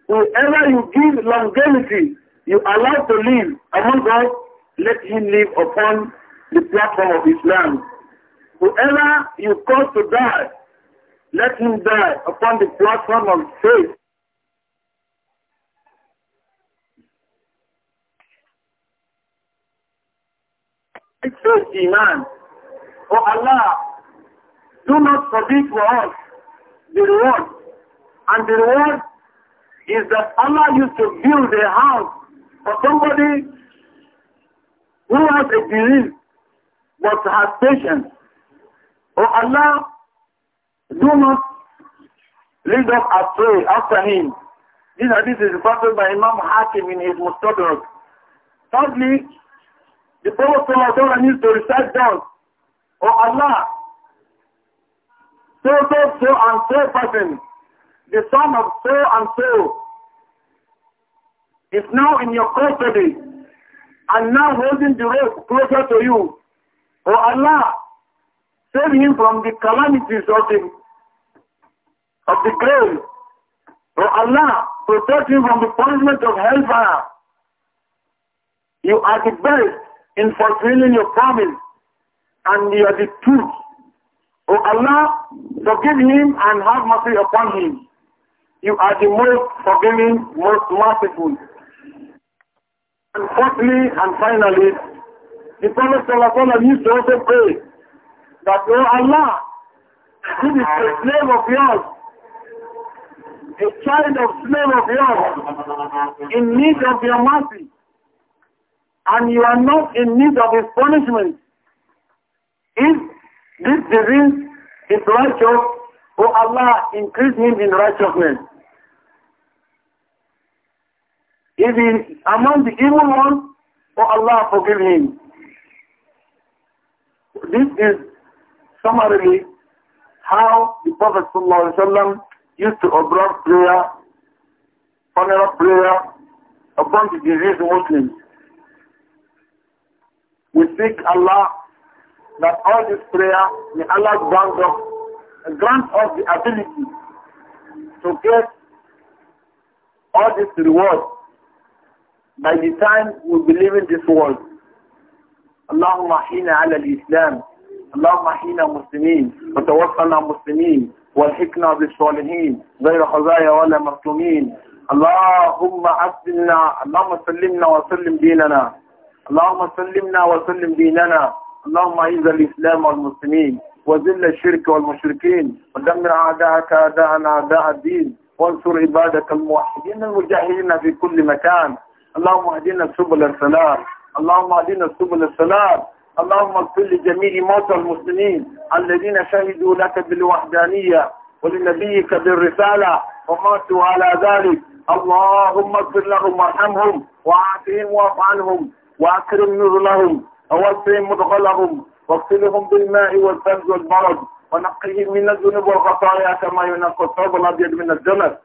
whoever you give longevity, you allow to live among us, let him live upon the platform of Islam. Whoever you cause to die, let him die upon the platform of faith. It shows Iman. O oh, Allah, do not forbid for us the reward. And the reward is that Allah used to build a house for somebody who has a belief but has patience. O oh, Allah, do not lead up a prayer after him. This is reported by Imam Hakim in his Mustadrak. Thirdly, The Prophet Sallallahu needs to recite down. Oh Allah, so, so, so and so person, the son of so and so, is now in your custody and now holding the rope closer to you. Oh Allah, save him from the calamities of the, of the grave. Oh Allah, protect him from the punishment of hellfire. You are the best in fulfilling your promise and you are the truth. O oh, Allah, forgive him and have mercy upon him. You are the most forgiving, most merciful. And fourthly and finally, the Prophet Sallallahu used to also pray that, O Allah, this is a slave of yours, a child of slave of yours, in need of your mercy. and you are not in need of his punishment. If this disease is righteous, O Allah, increase him in righteousness. If he among the evil ones, O Allah, forgive him. This is summarily how the Prophet ﷺ used to observe prayer, funeral prayer upon the diseased Muslims. We seek Allah that all this prayer, may Allah grant us, grant us the ability to get all this reward by the time we believe in this world. اللهم احينا على الإسلام اللهم احينا مسلمين وتوفنا مسلمين والحكنا بالصالحين غير خزايا ولا مظلومين اللهم أسلمنا اللهم سلمنا وسلم ديننا اللهم سلمنا وسلم ديننا اللهم اعز الاسلام والمسلمين وذل الشرك والمشركين ودمر اعداءك اعداءنا اعداء الدين وانصر عبادك الموحدين المجاهدين في كل مكان اللهم اهدنا سبل السلام اللهم اهدنا سبل السلام اللهم اغفر لجميع موتى المسلمين الذين شهدوا لك بالوحدانية ولنبيك بالرسالة وماتوا على ذلك اللهم اغفر لهم وارحمهم وعافهم واعف عنهم وأكرم نزلهم أوسعهم مدخلهم واغسلهم بالماء والثلج والبرد ونقهم من الذنوب والخطايا كما ينقى الثوب الأبيض من الجمل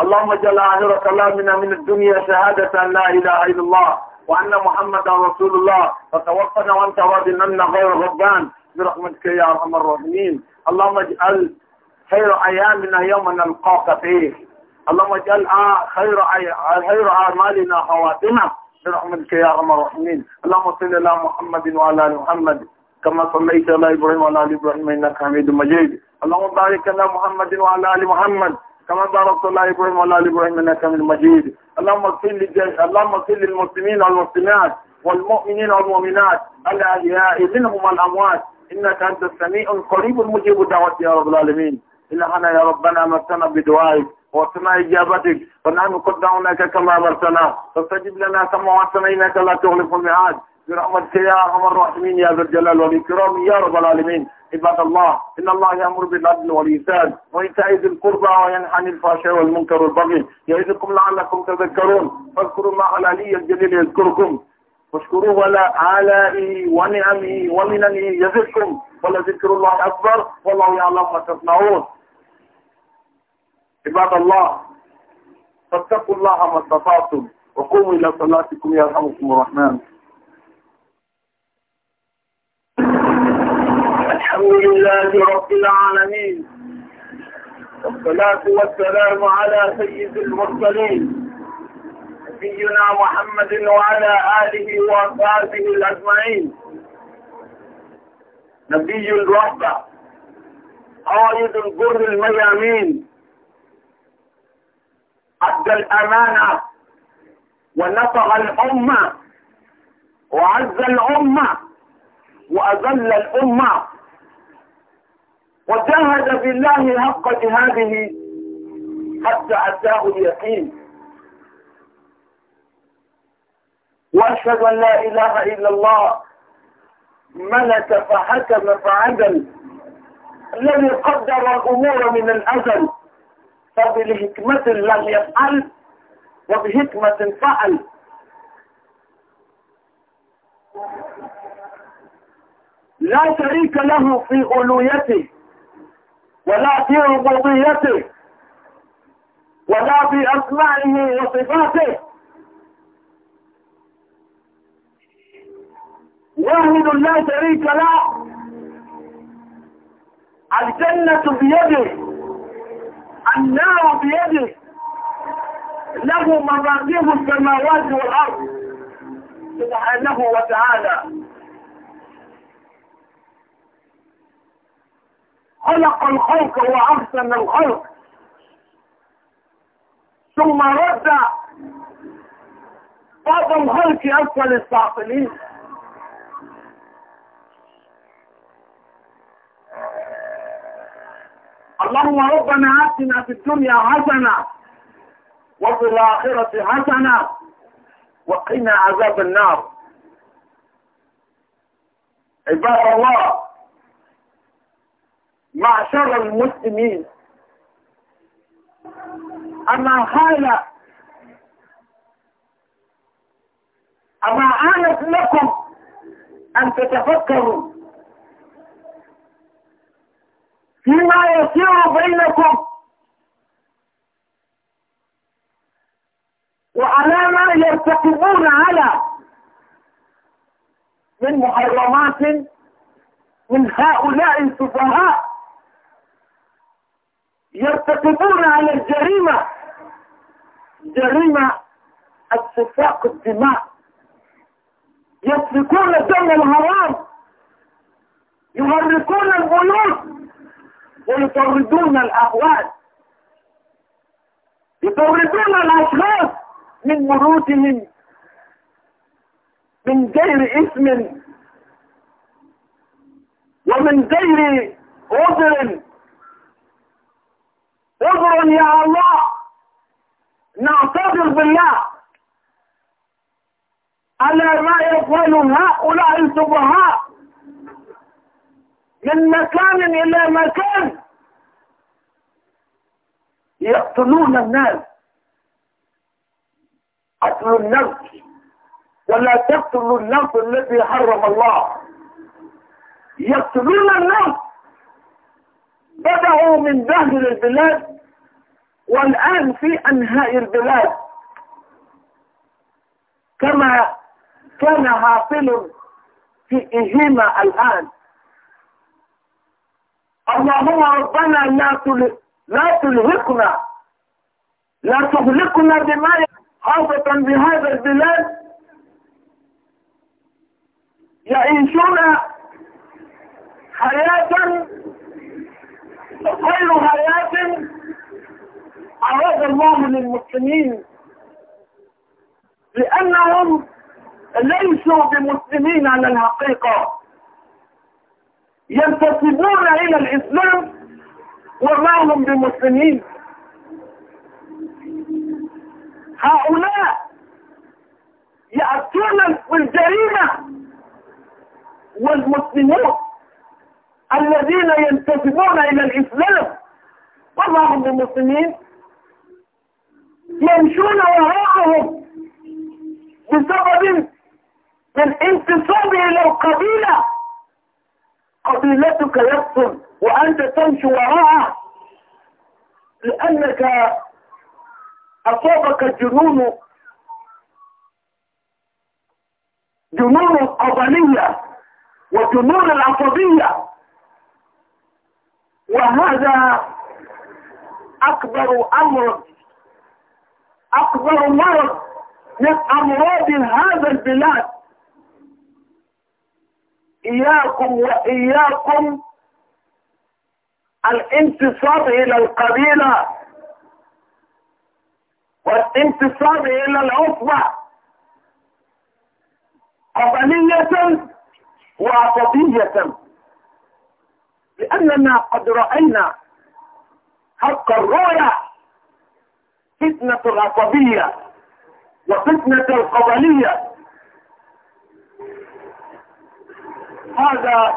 اللهم اجعل آخر كلامنا من الدنيا شهادة أن لا إله إلا الله وأن محمدا رسول الله فتوفنا وأنت راض عنا غير غضبان برحمتك يا أرحم الراحمين اللهم اجعل خير أيامنا يوم نلقاك فيه اللهم اجعل خير خير اعمالنا خواتمه برحمتك يا ارحم الراحمين اللهم صل على محمد وعلى ال محمد كما صليت على ابراهيم وعلى ال ابراهيم انك حميد مجيد اللهم بارك على محمد وعلى ال محمد كما باركت على ابراهيم وعلى ال ابراهيم انك حميد مجيد اللهم صل اللهم صل للمسلمين والمسلمات والمؤمنين والمؤمنات الاحياء منهم الاموات انك انت السميع القريب المجيب الدعوه يا رب العالمين الهنا يا ربنا مسنا بدعائك وسماء إجابتك فنحن قدمناك كما برسنا فاستجب لنا كما وعدتنا لا تغلق الميعاد برحمتك يا أرحم الراحمين يا ذا الجلال والإكرام يا رب العالمين عباد الله إن الله يأمر بالعدل والإحسان وإيتاء ذي القربى وينهى عن الفحشاء والمنكر والبغي يعظكم لعلكم تذكرون فاذكروا الله العلي الجليل يذكركم واشكروه على آلائه ونعمه ومننه يزدكم ولذكر الله أكبر والله يعلم ما تصنعون عباد الله فاتقوا الله ما استطعتم وقوموا إلى صلاتكم يرحمكم الرحمن الحمد لله رب العالمين والصلاة والسلام على سيد المرسلين نبينا محمد وعلى آله وصحبه الأجمعين نبي الرحمة قائد الجر الميامين أدى الأمانة ونصر الأمة وعز الأمة وأذل الأمة وجاهد بالله حق جهاده حتى أتاه اليقين وأشهد أن لا إله إلا الله ملك فحكم فعدل الذي قدر الأمور من الأزل فبالحكمة لم يفعل وبحكمة فعل لا شريك له في علويته ولا في ربوبيته ولا في أسمائه وصفاته واحد لا شريك له الجنة بيده النار بيده له مراتب السماوات والأرض سبحانه وتعالى خلق الخلق وأحسن الخلق ثم رد بعض الخلق أسفل الساطلين اللهم ربنا آتنا في الدنيا حسنة وفي الآخرة حسنة وقنا عذاب النار عباد الله معشر المسلمين أما حال أما آلت لكم أن تتفكروا فيما يصير بينكم وعلى ما يرتكبون على من محرمات من هؤلاء السفهاء يرتكبون على الجريمة جريمة السفاق الدماء يسفكون دم الهرام يغرقون البيوت ويطردون الأهوال يطردون الأشخاص من مروتهم من غير اسم ومن غير عذر عذر يا الله نعتذر بالله على ما يفعل هؤلاء السفهاء من مكان إلى مكان يقتلون الناس قتل النفس ولا تقتلوا النفس الذي حرم الله يقتلون النفس بدأوا من داخل البلاد والآن في أنهاء البلاد كما كان حاصل في إهيما الآن اللهم ربنا لا تل... لا تلهقنا لا تهلكنا بما خاصة بهذا البلاد يعيشون حياة غير حياة أراد الله للمسلمين لأنهم ليسوا بمسلمين على الحقيقة ينتسبون إلى الإسلام وما هم بمسلمين هؤلاء يأتون بالجريمة والمسلمون الذين ينتسبون إلى الإسلام وما هم بمسلمين يمشون وراءهم بسبب من انتصابه إلى القبيلة قبيلتك يقتل وأنت تمشي وراءه لأنك أصابك الجنون جنون القبلية وجنون العصبية وهذا أكبر أمر أكبر مرض من أمراض هذا البلاد إياكم وإياكم الانتصاب إلى القبيلة والانتصاب إلى العصبة قبلية وعصبية لأننا قد رأينا حق الرؤيا فتنة العصبية وفتنة القبلية هذا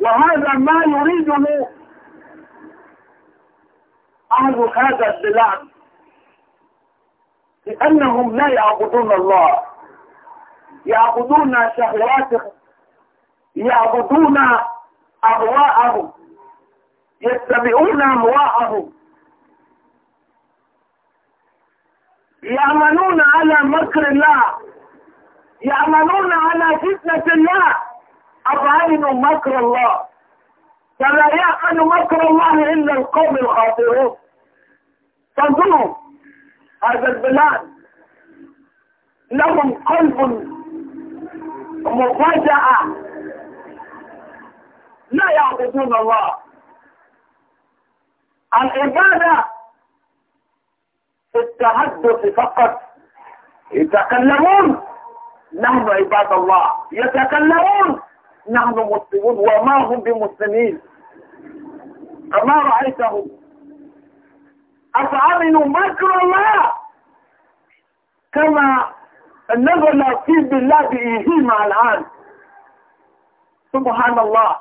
وهذا ما يريده أهل هذا البلاد لأنهم لا يعبدون الله يعبدون شهواتهم يعبدون أهواءهم يتبعون أهواءهم يعملون على مكر الله يعملون على فتنة الله أضعنوا مكر الله فلا يعمل مكر الله إلا القوم الخاطئون فانظروا هذا البلاد لهم قلب مفاجأة لا يعبدون الله العبادة في التحدث فقط يتكلمون نحن عباد الله يتكلمون نحن مسلمون وما هم بمسلمين أما رأيتهم أفعلوا مكر الله كما نزل في بالله بإيهيما الآن سبحان الله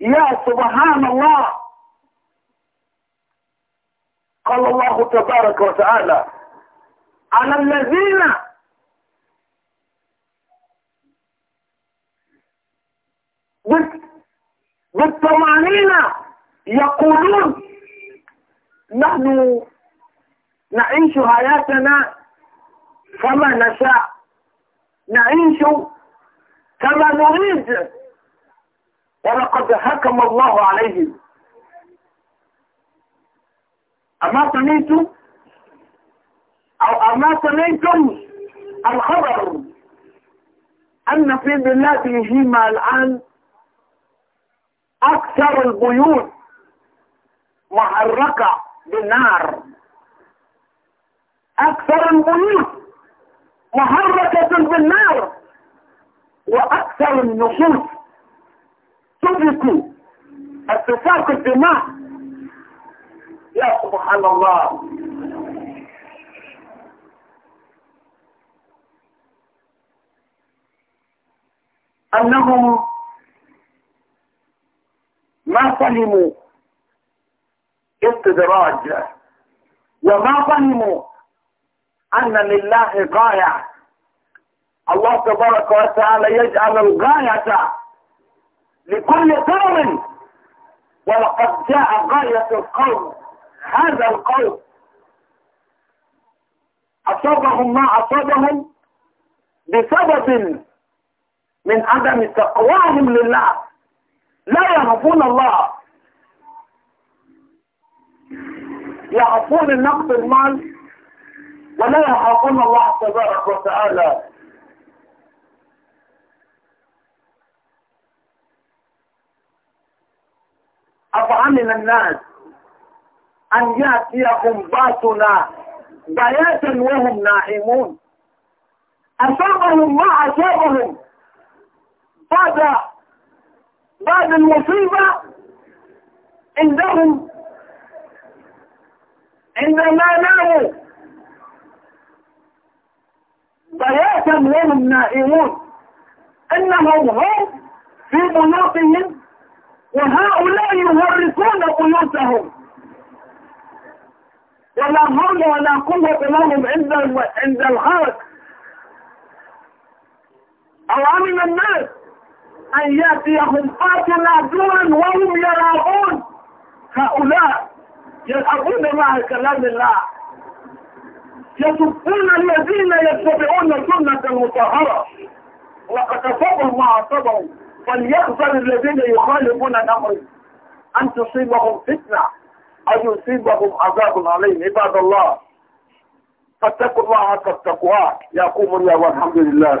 يا سبحان الله قال الله تبارك وتعالى على الذين بالطمأنينة يقولون نحن نعيش حياتنا كما نشاء نعيش كما نريد ولقد حكم الله عليهم أما سمعتم أو أما سمعتم الخبر أن في بلادهما الآن أكثر البيوت محرقة بالنار أكثر البيوت محركة بالنار وأكثر النصوص تدرك اتفاق الدماء يا سبحان الله أنهم ما فهموا استدراج وما فهموا أن لله غاية الله تبارك وتعالى يجعل الغاية لكل قوم ولقد جاء غاية القوم هذا القوم أصابهم ما أصابهم بسبب من عدم تقواهم لله لا يعرفون الله يعرفون نقص المال ولا يخافون الله تبارك وتعالى أفعمل الناس أن يأتيهم باتنا بياتا وهم نائمون أصابهم ما أصابهم بعد بعد المصيبة عندهم عندما ناموا بياتا وهم نائمون انهم هم في بيوتهم وهؤلاء يهرسون بيوتهم ولا حول ولا قوة لهم عند عند الغرق أو أمن الناس أن يأتيهم قاتل دون وهم يراغون هؤلاء يلعبون مع كلام الله يصفون الذين يتبعون سنة المطهرة وقد تصبوا ما عصبوا فليحذر الذين يخالفون الأمر أن تصيبهم فتنة أو يصيبهم عذاب عليهم عباد الله فاتقوا الله حق التقوى يقوم الله والحمد لله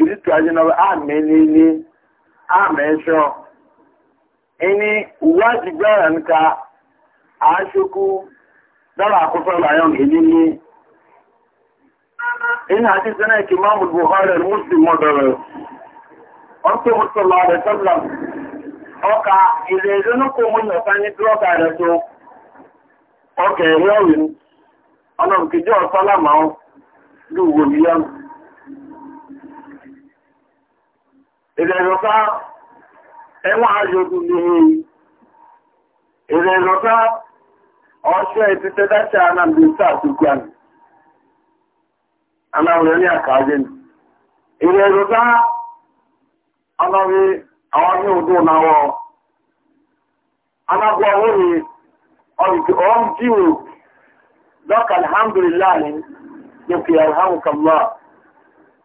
ìdí tó ajé náà àmì nílé àmì ẹ̀ṣọ́ ẹni ìwádìí gbára nǹka àáṣokú dára àkóso làyọ̀n èdè ní ẹni àti sẹ́nà ìkì máàmù buhari muslim mọ́dọ̀rọ̀ ọ̀tọ́ mùsùlùmí sọ́lá ọkà ilẹ̀ mú ní dúrọ́kà rẹ̀ tó ọkà ẹ̀rẹ́ ọ̀rìn ọ̀nà òkèjọ́ ọ̀sọ́lá máa ń ìrẹ̀lọ́ta ẹwọ́n ayòdù ní ìrẹ̀lọ́ta ọṣẹ́ ìtítẹ́ dáṣà anàmìlítà àtúgbò àmì aláwọ̀rẹ́ ní àkàájẹ́ ni ìrẹ̀lọ́ta ọlọ́rí àwọn ní òdó náwọ́ alágbọ́ orí ọ̀rìn tí ó dọ́kà alhamdulillah ni yóò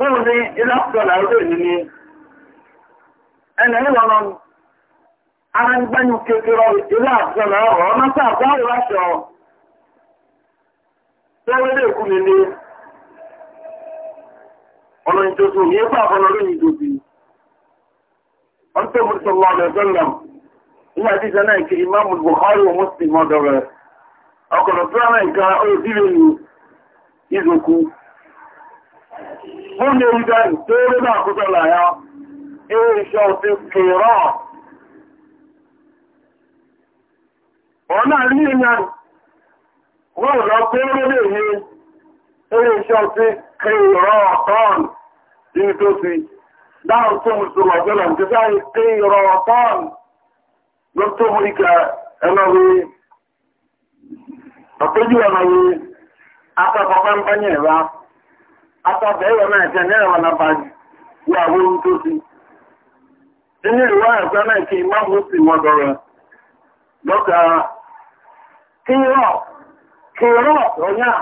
Fún ní ilé ọ̀pọ̀lá orí èyí ni ẹnà ìwọ̀nà ara ń gbẹ́nu kékeré ilé ọ̀pọ̀lá ọ̀rọ̀ ọmọ sáà bá ìwà ṣọ tó wẹ́lẹ̀ èkú nílé ọ̀nà ìjọsùn yìí pàápàá lórí ìjọsì. Wọ́n tó mú sọ lọ́dọ̀ sọ́lọ̀ ní àdíjẹ náà kí imáàmù Buhari wa Muslim ọ̀dọ̀ rẹ̀. Ọkọ̀lọ̀ fẹ́ràn ìka ó ìdílé ìzòkú. Hunde idan doğru da kutala ya. Ey şahsı kira. Ona liyan. Valla doğru değil. Ey şahsı kira tan. Dintosi. Daha sonra sonra falan. Cezayı kira tan. Noktumurika. Elavi. Apeciwa na yi. Aka papan panye va. atọ́bẹ̀ ẹ̀rọ náà jẹ́ ní ẹ̀rọ nàbà ìyàwó ń tó sí. Inú ìwá ẹ̀gbẹ́ náà kí imá mú sí mọ́dọ̀rọ̀. Dọ́kà kírọ̀ kírọ̀ ọ̀yá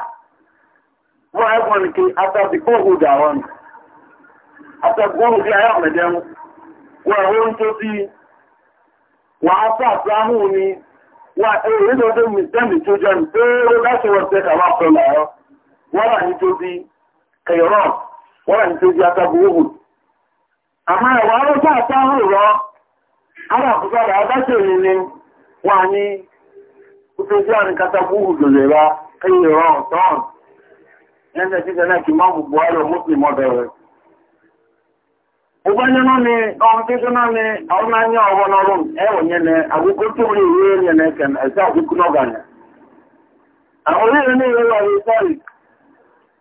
wọ́n ẹ̀gbọ́n kí atọ́bìkó òhùdà wọn. Atọ́bìkó òhùdà ayọ́ mẹ́jẹun. Wọ́n ẹ̀rọ ń tó sí. Wà á fà sáhù ni. Wà èrè ìdọ́dọ́ mi sẹ́mi tó jẹun pé ó dáṣẹ́wọ̀ tẹ́ kàwá pẹ̀lú àwọn. Wọ́n wà ní tó sí. kẹ̀yọ̀rọ̀ wọ́n rẹ̀ ń tó di atagbowó àmọ́ ẹ̀wọ̀ arọ́gbà àtàrùn rọ alákùsọ̀rọ̀ adájọ́rì ni wà ní kútójú àrin katagbowó lòlẹ̀ra kẹ̀yọ̀rọ̀ tán lẹ́sẹ̀ títẹ̀ náà kì máa gbogbo ayọ̀ mọ́sùlùmí ọ̀bẹ̀rẹ̀ Ògbẹ́nínú ni ọmọ títún náà ni ọwọ́ ẹwọ̀ tó rí ìwé náà Àwọn orílẹ̀-èdè ìwé wà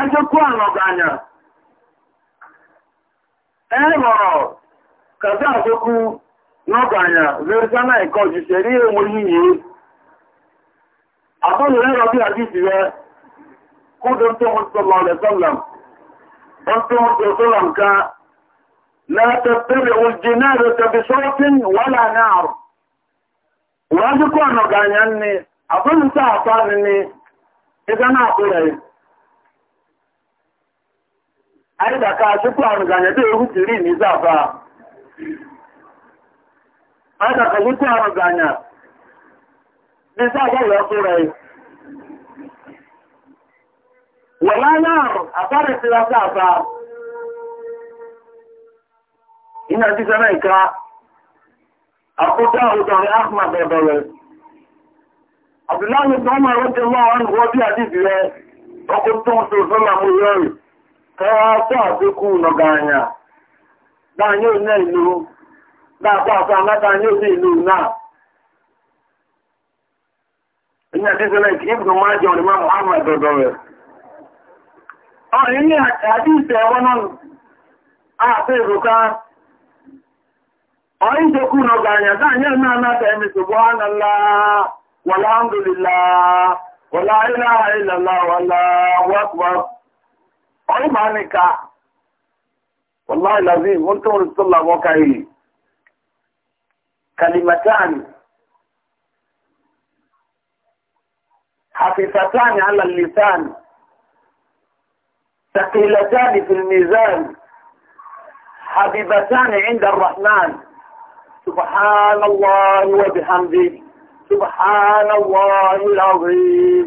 ajọkụ anọganya ẹ̀rọ̀rọ̀ kàtà àjọkú nọganya verisana ẹ̀kọ́ jìṣẹ́ ní èmò yíye àtọ́lù ẹ̀rọ bí àjíṣì rẹ kúdó tó ń sọlọ rẹ̀ sọ́lọ̀m ó tó na tó sọ́lọ̀m ká látẹ̀tẹ̀rẹ̀ òjìnà anya tẹ̀bí sọ́ọ̀tín wà láàárín àrùn anyị ga-aka chukwu arụganyede egwu kiri n'izu abụọ anyị ga-aka ọkụ rẹ wọ̀lá náà àbárẹ̀ iná jíjẹ náà ìka àkójá òjòrin ahmad ẹ̀bẹ̀rẹ̀ àbìláyé tó mọ̀ ẹ̀rọ jẹ́ wọ́n wọ́n bí rẹ̀ tó ń kọwàtọ́ àdékù nọ̀gà àyà dáyé òní ìlú dáàpọ̀ àpọ̀ àmátàyé òní ìlú náà ẹni àdíṣẹ́lẹ̀ ìkìbùn máa jẹ ọ̀rẹ́má mọ̀hánmà ẹ̀dọ̀dọ̀ rẹ̀ ọ̀rẹ́ ní àdíṣẹ́ ẹwọ́n náà àti ìrùká ọ̀rẹ́ ìdókù nọ̀gà àyà dáyé òní àmátà ẹ̀mí subhanallah wàlá أي مالك والله العظيم wàláhì lazim wọ́n tó rí حفيفتان على اللسان ثقيلتان في الميزان حبيبتان عند الرحمن سبحان الله وبحمده سبحان الله العظيم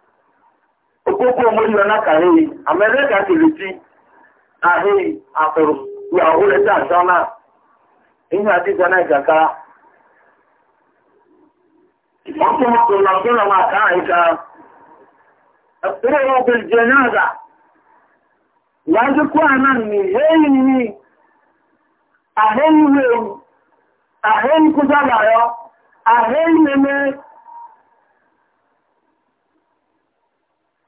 okoko omori ọ̀nà kàrí amẹ́ríkà kìrì tí àrí àfẹ̀rù ìyàwó rẹ̀ tí àṣọ náà inú àdíjọ náà ìjàká ọkùnrin ọ̀làgbọ́nà máa ká àìká ẹ̀kúrẹ́ ọgbẹ̀ jẹ náà dà lájúkú àná ní èyí ní àhẹ́yìn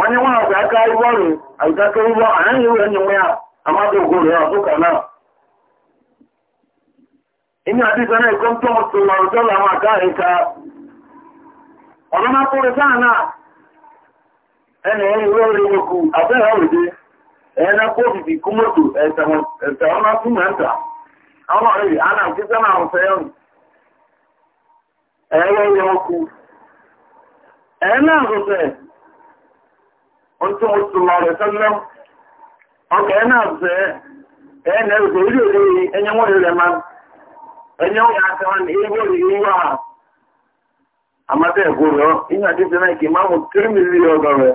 onye nwa ahụ ga ọrụ agakarị ụgbọ anaghị ewe nye nwa ya amadụ ogoro ya ọzụka na inye adịza na-ekwe ntụmụtụ na ụdọla pụrụ taa na ẹnìyẹn ìwé orí okù abẹ́rẹ́ òde ẹ̀yẹn kó bìbì kú mọ́tò ẹ̀tẹ̀ ọ̀nà fún mẹ́ta àwọn ọ̀rẹ́ yìí ọ̀tọ́ ọ̀tọ́lá rẹ̀ sọ́lọ́ ọkọ̀ ẹ̀ náà fẹ́ ẹ̀ náà fẹ́ ilé ìlú ẹ̀yẹ́ wọ́n rẹ̀ máa ẹ̀yẹ́ wọ́n yà á sẹ́wọ́n ní ilé ìlú wà àmọ́tẹ́ ẹ̀kọ́ rẹ̀ inú àti sẹ́nà ìkì máa mú ọzọ mílí ọ̀dọ̀ rẹ̀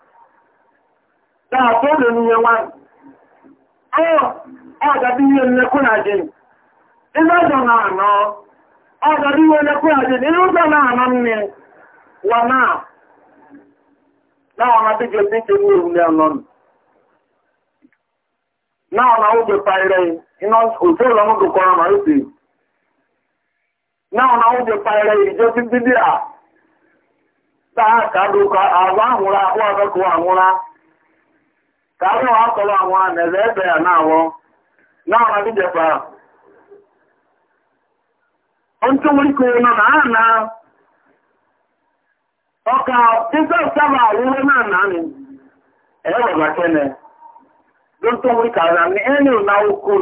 na-atụ ụlọ n'ihe nwanyị ọ gaba ihe mmekwu na gị. ihe ụzọ na-anọ ọ gaba ihe mmekwu na gị ihe ụzọ na-anọ nne wa na na ọna dị gị anọ. na ọna oge paire ma na ọna oge paire ìjọ ka ahụ ahụ kàárù àkọlọ àwọn ànẹ̀lẹ̀ ẹ̀bẹ̀ ànáwọ́ náà wà ní jẹpa ohun tó wọ́n kò nọ náà náà ọkà pípẹ́ ìsábà àwúrẹ́ náà náà ni ẹ̀rọ bàkẹ́nẹ̀ ló tó wọ́n kàárà ẹni náà wọ́n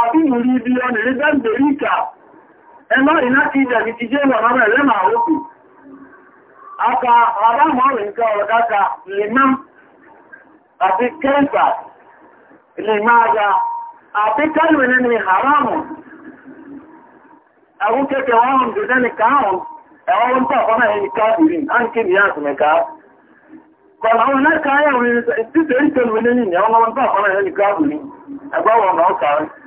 àbí ìrí ibi ọ̀nà ìrẹ́gbẹ́ ìgbèríkà ẹmọ́ ìnáti ìjẹ̀bí ti jẹ́ ìlọ̀ mọ́rẹ̀ òkú aka àbámọ́rẹ̀ nǹkan ọ̀dáka lè máa àti kẹ́ǹkà lè máa ya àti kẹ́lù nínú haramu ẹ̀wọ́n kẹ́kẹ́ wọ́n dìdẹ́ nìkan ẹ̀wọ́n pọ̀ fọ́nà ẹni káàkiri áńkì ní àtùmẹ̀ká kọ̀nà àwọn náà káyà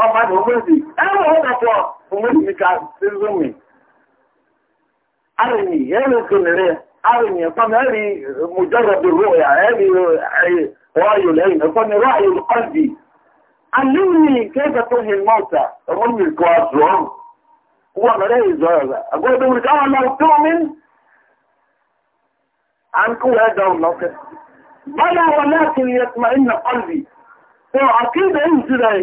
ọmọ àti òmìnirí ẹ̀rọ ọ̀pọ̀ òmìnirí ká sí zoomi arìnrìn ẹ̀rọ kìnnìrì arìnrìn ẹ̀kọ́ bí ni tó hin wọn káwọn lọ tó mi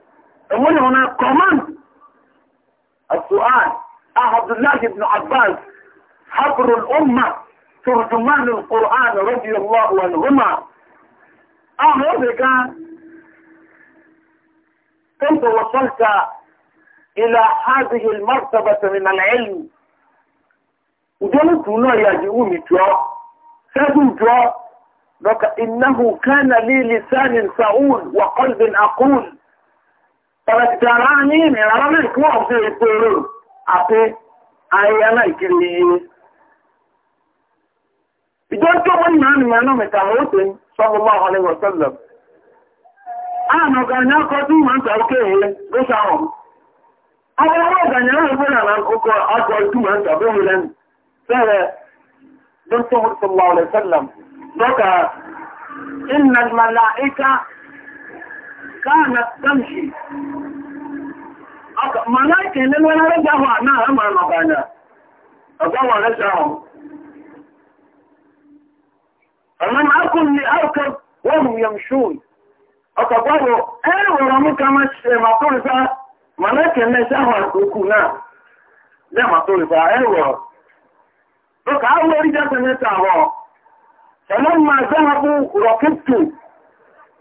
ومن هنا كمان السؤال آه عبد الله بن عباس حبر الأمة ترجمان القرآن رضي الله عنهما أهو آه، كان كيف وصلت إلى هذه المرتبة من العلم وجلت هنا يجئوني توا سادوا لك إنه كان لي لسان سعود وقلب أقول Ẹ̀rẹ̀tìtàrà ní ìrìnlẹ̀ alámẹ́ ìkún ọ̀fẹ́ ìpòrò àti a otu nìmọ̀ náà mẹ́tàrà ó tẹ́ sọ́gbọ́gbọ́ ọ̀họ́ lẹ́wọ̀ sọ́lọ̀. Àwọn ọ̀gànyà kọ́ tí wọ́n ń tàbí kéèrè ló ṣàwọn. Àwọn ọ̀gànyà náà fún àwọn ọkọ̀ ìtumọ̀ ń tàbí Fẹ́rẹ̀ Lọ́kà, ìnàlmàlà كانت تمشي ملائكة لن ولا رجعوا عنها أمر مبانا أضوى رجعهم فلم أكن لأركب وهم يمشون أتضروا أنا ورمك ما طرفة ملائكة ليس هو الكوكونا ده ما طرفة أنا ورمك فكأول رجعت نتعوى فلما ذهبوا ركبتوا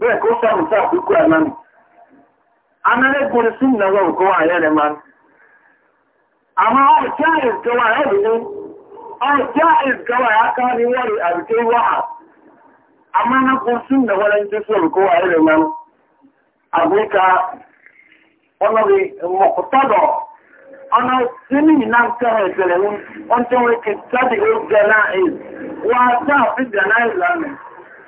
bẹ́ẹ̀ kó sáàmù sáà kúkú àlánì anẹ́gbẹ̀rẹ̀ sí ìnáwó òkú àyẹ́rẹ̀ máa àmá ọjá ìgbẹ̀wà ẹ̀bìnrin ọjá ìgbẹ̀wà aka ni wọ́n àrùké wà àmá anẹ́gbẹ̀rẹ̀ sí ìnáwó òkú àyẹ́rẹ̀ máa àbúkà ọlọ́rin mọ̀kútọ́dọ̀ ọ̀nà sínú ìná kẹrẹ ìgbẹ̀rẹ̀ wọn tó wọ́n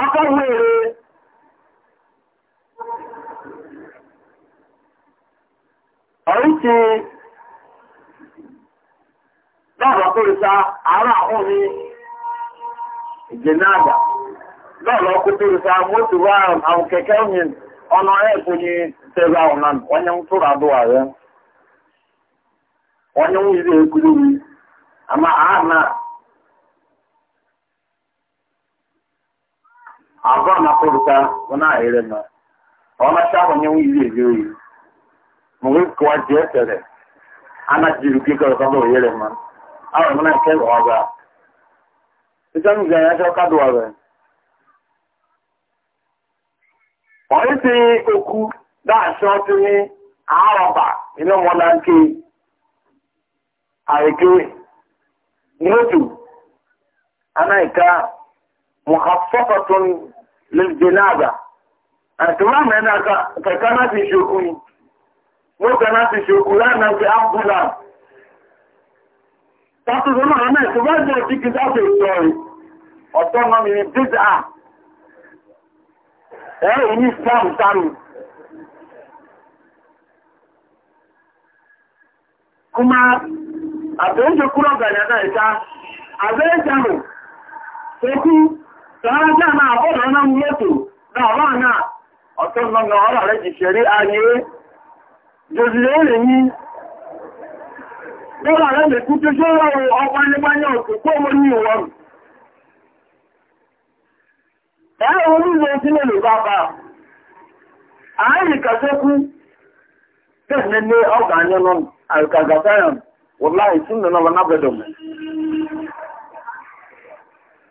akọwèrè nwere lọ́rọ̀ kórìta àárá àwọn ní ìjẹ̀nàdà lọ́rọ̀ kórìta mọ́tò wá àwọn kẹ̀kẹ́ ahịa ọ̀nà ẹ̀kùn ní tẹ́lá onye wọ́n yẹn ya ràdọ́ ààrẹ wọ́n ama wọ́n na agwa na-ere ma ọ nacha iri oyi ma kụwa ji efere anajiri kekọrọ kọba oyere ma ahụrụ m na nke ọga ịcha m ga-anya chọ onye si okwu na ọtụghị arọba ihe mmụọ nke n'otu a مخففة للجنابة أتمنى أنك كانت في شؤون وكانت في شؤون لأنك في أفضل Tàtù sọ́nà àmì ìṣòwádìí ọ̀tí kìí sáfì ìṣọ́rí, ọ̀tọ́ ọmọ mi ni bíjà. Ẹ̀rọ ìní Islam sáré. Kuma, àbẹ̀ẹ́jọ kúrò gàdàdà ìta, àbẹ̀ẹ́jọ rẹ̀, Ṣọ́nà náà ọ̀rọ̀ náà mú mọ́tò náà wà náà ọ̀tọ́ lọ́nà ọ̀rọ̀ rẹ̀ jì ṣẹ̀rí ayé. Jòzìlẹ̀ ó rẹ̀ lè kú tó ṣe rọrùn ọpa nígbáyà kó mọ́ ní ìwọ̀rùn.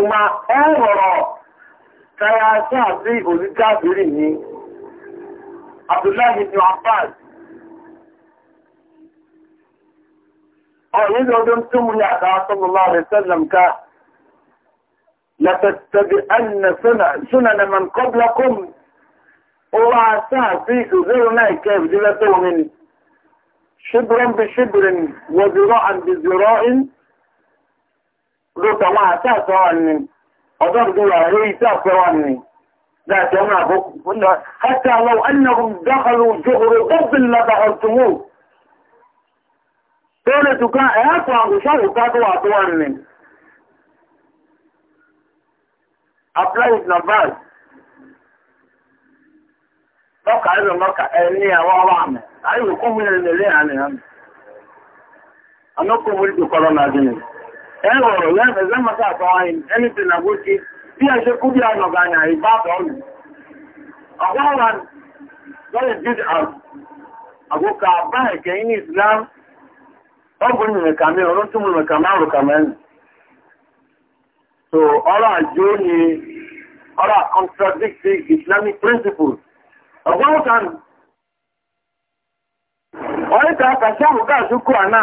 kuma ọ̀rọ̀ káyà sí àti oníkàbírì ní Abdullahi ibn Abbas ọ̀yẹ́ lọ́dún tó mú ní àdá sallallahu alaihi wasallam ká لتتبعن سنن من قبلكم وعسى في زرنا كيف جلتهم شبرا بشبر وذراعا بذراع ló tọ̀ wọn àti àtọ́ wọn ni ọjọ́ ìgbéyà rí iṣẹ́ àfẹ́ wọn ni láti ọmọ àbókù fúnlọ hátà lọ annahum dákàlù jòhòrò ọ̀gbìn lọ́dà ọ̀tùmù tó lè tukà ẹ̀yàtọ̀ àgùsọ̀ ìkà tó wà tó wọn ni apply it number lọ́kà ẹ̀rọ lọ́kà ẹni àwọn ọwọ́ àmì ayé òkú mi rẹ̀ lè rí àárín àmì àmì ọkùnrin kọ̀ọ̀rọ̀ nàdínì ẹ̀rọ̀rọ̀ lẹ́mẹ̀ zẹ́mọ̀sá àtọwáyìn ẹnìtì nà bó bí ẹ ṣe kú bí ọ̀nà àyà ìbátọ̀ lọ́yìn jíjì àgbókà bá ẹ̀kẹ́ islam ọgbọ̀n mẹ̀kà so islamic principles kan ọ̀rẹ́ta kàṣẹ́ àwùká àṣúkú àná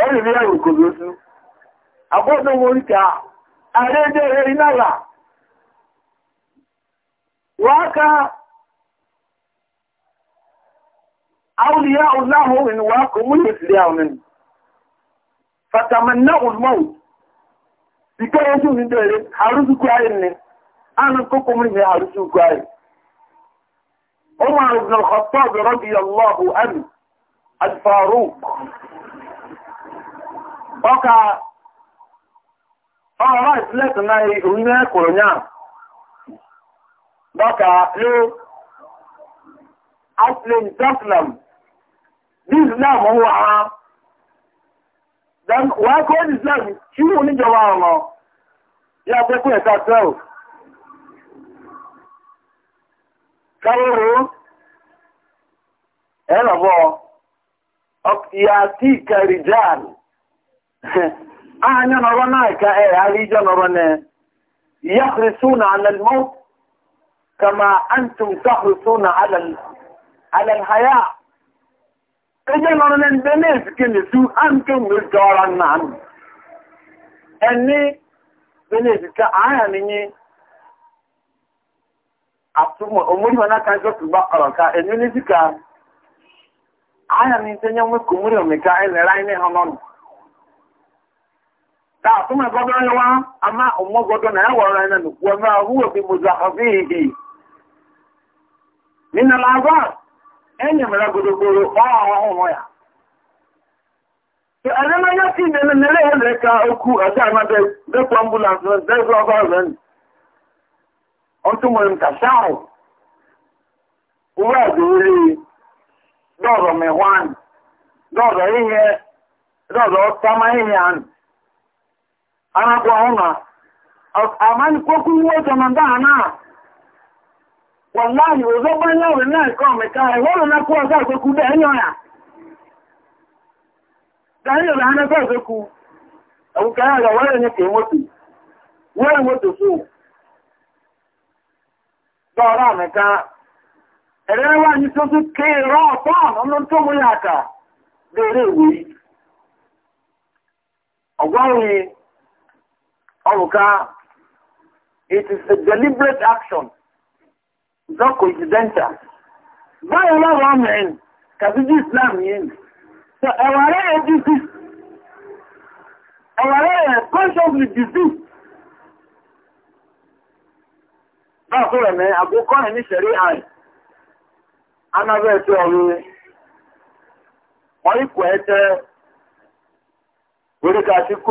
ẹ̀rìn rí ẹ̀rùn kò lóṣù àgbọ́dọ̀ wọn ríkà wọ́n ká áwùlíyà ọláhùn ìnúwà kò múlẹ̀ sílẹ̀ àwọn fàtàmànà olmọ́wù ìkẹ́ ojú a ní ibn al-Khattab radiyallahu anhu al-Faruq ọka ọmọ ìsìlẹ̀tì náà orílẹ̀ ẹ̀kọ̀rọ̀ náà bọ́ka ló aslim taslam bí islam wọ́n wà á wà kọ́ islam tí ó níjọba ọmọ ya pẹ́kọ́ ẹ̀ta 12 káwọ́rọ̀ ẹ̀rọ̀bọ̀ ọkìyà tí kẹrìjáàlì anya ah, a n'aka ẹ eh, alijọ nọrọ nẹ yahrisuna ala almaut kama antum tahrisuna ala ala alhaya eje nọrọ nẹ nde n'izu ezike ne su anke mgbe anụ ẹni bene ezike anya n'inye atụmọ omori mana ka jọtụ ka e ta kuma gwada yawa amma umma gọdọ na yawa wa ma huwa bi muzahafihi min al-azab enye mara ba a hawa ya to alama ya ti ne na le hele ka oku ada ma de de ko ambulance de ko ba on to nta sao uwa dọrọ dọrọ ihe dọrọ tama ihe anagwa ona amani kokun wo jamanda ana wallahi ozo banya we na ko me ka e wona na ko za ko ku de enyo ya dani o na ko ko ku o ka ya wa ni ke moti wa moti su dora me ka ere wa ni so su ke ro pa no to mo ya ka de re wi ogwa we Oruka, it is a deliberate action, not coincidental. Báwo ló mẹ́rin? Kàbíjú Islam yìí. So ẹ̀wà rẹ̀ ẹ̀ disease. Ẹ̀wà rẹ̀ ẹ̀ consciously disease. Báwo tó rẹ̀ àgbókọ́ ẹ̀ ní ṣẹ̀rí àì. Anábẹ́ ẹ̀tọ́ ọ̀rẹ́. Wọ́n ikú ẹ̀ oríkà sí kú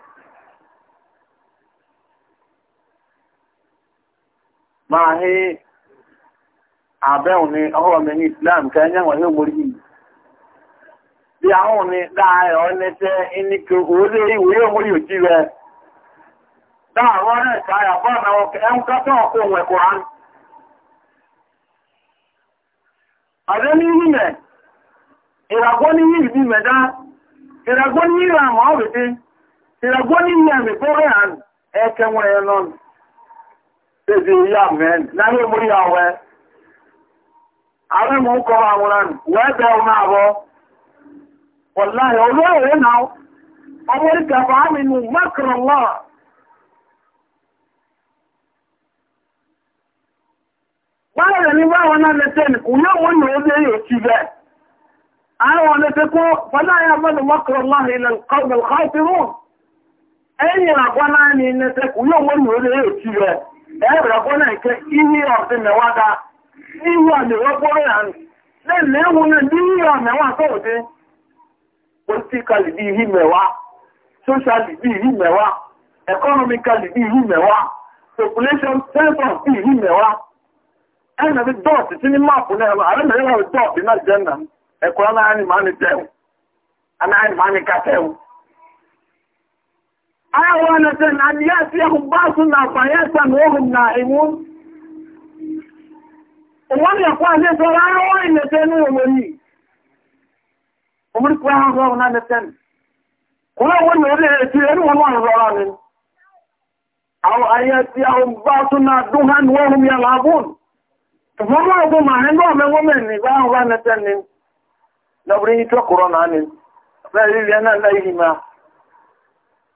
máa hí àbẹ́hùn ni ọwọ́ islam kẹ́yẹ́ wọ̀nyí omori bí ahùn ni dáa ọ̀nẹ́tẹ́ iníkẹ́ orí ìwé omori òjì rẹ̀ dáa wọ́n rẹ̀ káyà fún àwọn ẹnkátọ́ ọkọ̀ òun ẹ̀kọ́ tezi ya men na ihe ya wee arụ m ụkọrọ anwụrụ anụ wee bee ụmụ abụọ wallahi olu ewe na ọmụrụ ka fa aminu makara allah báyọ̀ rẹ̀ ní báwọn náà lẹ́tẹ́ ní kò yóò wọ́n yóò lé yóò ti bẹ́ẹ̀ àwọn lẹ́tẹ́ kó fọláyà na-ebrakwa na nke ihe ọdịnawada ihe ọdịwekpọrọ ya na-eme ewu na ndị ihe ọmewa ụdị politikali dị ihe mewa soshali dị ihe mewa ekọnọmikali dị ihe mewa population census dị ihe mewa ẹnàbí dọ́ọ̀tì sí ní máàpù náà lọ ààrẹ mẹ́rin wà dọ́ọ̀tì náà jẹ́ nà ẹ̀kọ́ náà ní màá ní tẹ́wù آوانة أن يأتيهم باسنا فيأتم وهم نائمون ومن يقول لي ترى وإن تنو مني ومن يقول لها غورنا نتن ولو أن يأتيهم والله غوران أو أن يأتيهم باسنا دهن وهم يلعبون فما أبو معهن ومن ومن يبقى غورنا نتن لو ريتوا قرآن عنه فإذا أنا ليهما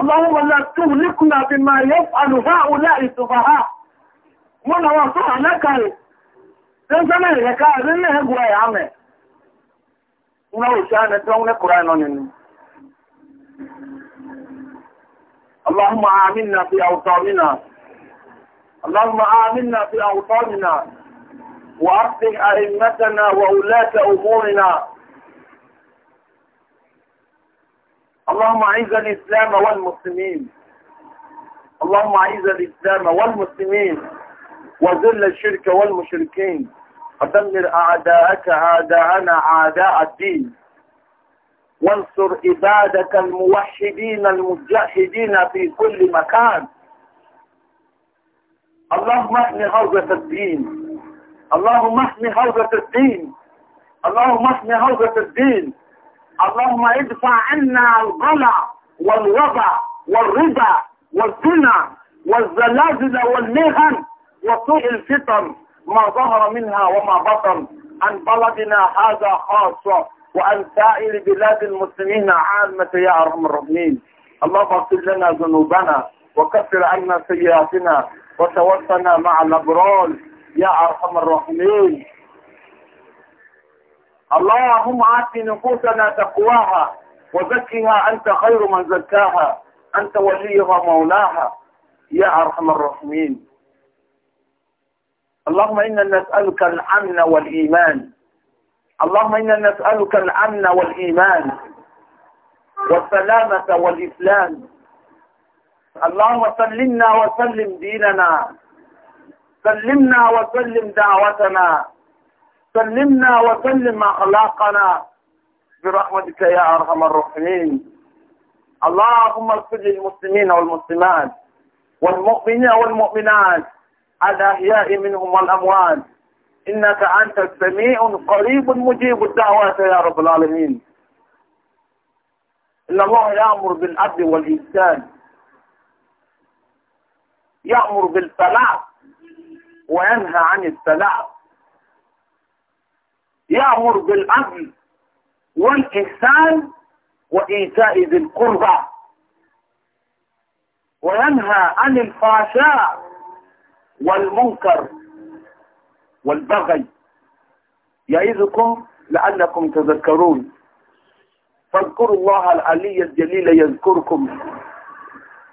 اللهم لا تهلكنا بما يفعل هؤلاء السفهاء mọ́nà wọn fún àmẹ́kàrí tí ó sẹ́mẹ̀ ìrẹ̀ká rínlẹ̀ ẹgbù ẹ̀ àmẹ́ wọn ò ṣe àmẹ́ tí wọ́n اللهم آمنا في أوطاننا اللهم آمنا في أوطاننا وأصلح أئمتنا وولاة أمورنا اللهم اعز الإسلام والمسلمين اللهم اعز الإسلام والمسلمين وذل الشرك والمشركين ودمر أعداءك أعداءنا أعداء الدين وانصر عبادك الموحدين المجاهدين في كل مكان اللهم احمي حوزة الدين اللهم احمي حوزة الدين اللهم احمي حوزة الدين اللهم ادفع عنا الغلا والوضع والربا والزنا والزلازل والمهن وسوء الفتن ما ظهر منها وما بطن عن بلدنا هذا خاصة وعن سائر بلاد المسلمين عامة يا أرحم الراحمين اللهم اغفر لنا ذنوبنا وكفر عنا سيئاتنا وتوفنا مع الأبرار يا أرحم الراحمين اللهم آت نفوسنا تقواها وزكها أنت خير من زكاها أنت وليها مولاها يا أرحم الراحمين اللهم إنا نسألك الأمن والإيمان اللهم إنا نسألك الأمن والإيمان والسلامة والإسلام اللهم سلمنا وسلم ديننا سلمنا وسلم دعوتنا سلمنا وسلم أخلاقنا برحمتك يا أرحم الراحمين اللهم اغفر للمسلمين والمسلمات والمؤمنين والمؤمنات الأحياء منهم والأموات إنك أنت السميع القريب المجيب الدعوات يا رب العالمين إن الله يأمر بالعدل والإحسان يأمر بالصلاة وينهى عن السلام يأمر بالعدل والإحسان وإيتاء ذي القربى وينهى عن الفحشاء والمنكر والبغي يعظكم لعلكم تذكرون فاذكروا الله العلي الجليل يذكركم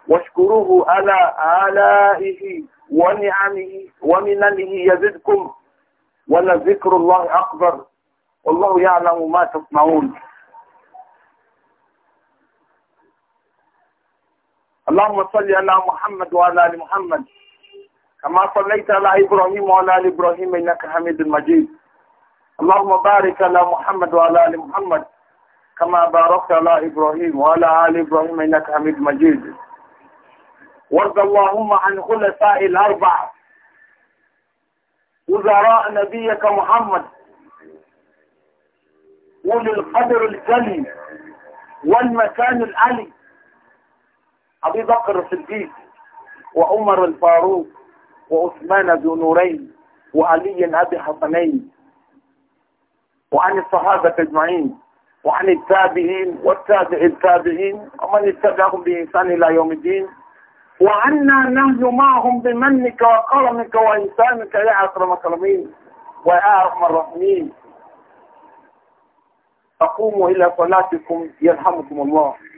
واشكروه على آلائه ونعمه ومننه يزدكم ولا ذكر الله أكبر والله يعلم ما تصنعون اللهم صل على محمد وعلى آل محمد كما صليت على إبراهيم وعلى آل إبراهيم إنك حميد مجيد اللهم بارك على محمد وعلى آل محمد كما باركت على إبراهيم وعلى آل إبراهيم إنك حميد مجيد وارض اللهم عن خلفاء الأربعة وزراء نبيك محمد وللقدر الجلي الكلي والمكان العلي أبي بكر الصديق وعمر الفاروق وعثمان ذو نورين وعلي أبي حسنين وعن الصحابة أجمعين وعن التابعين والتابع التابعين ومن اتبعهم بإنسان إلى يوم الدين وعنا نهج معهم بمنك وكرمك وإنسانك يا أكرم أكرمين ويا أرحم الراحمين أقوموا إلى صلاتكم يرحمكم الله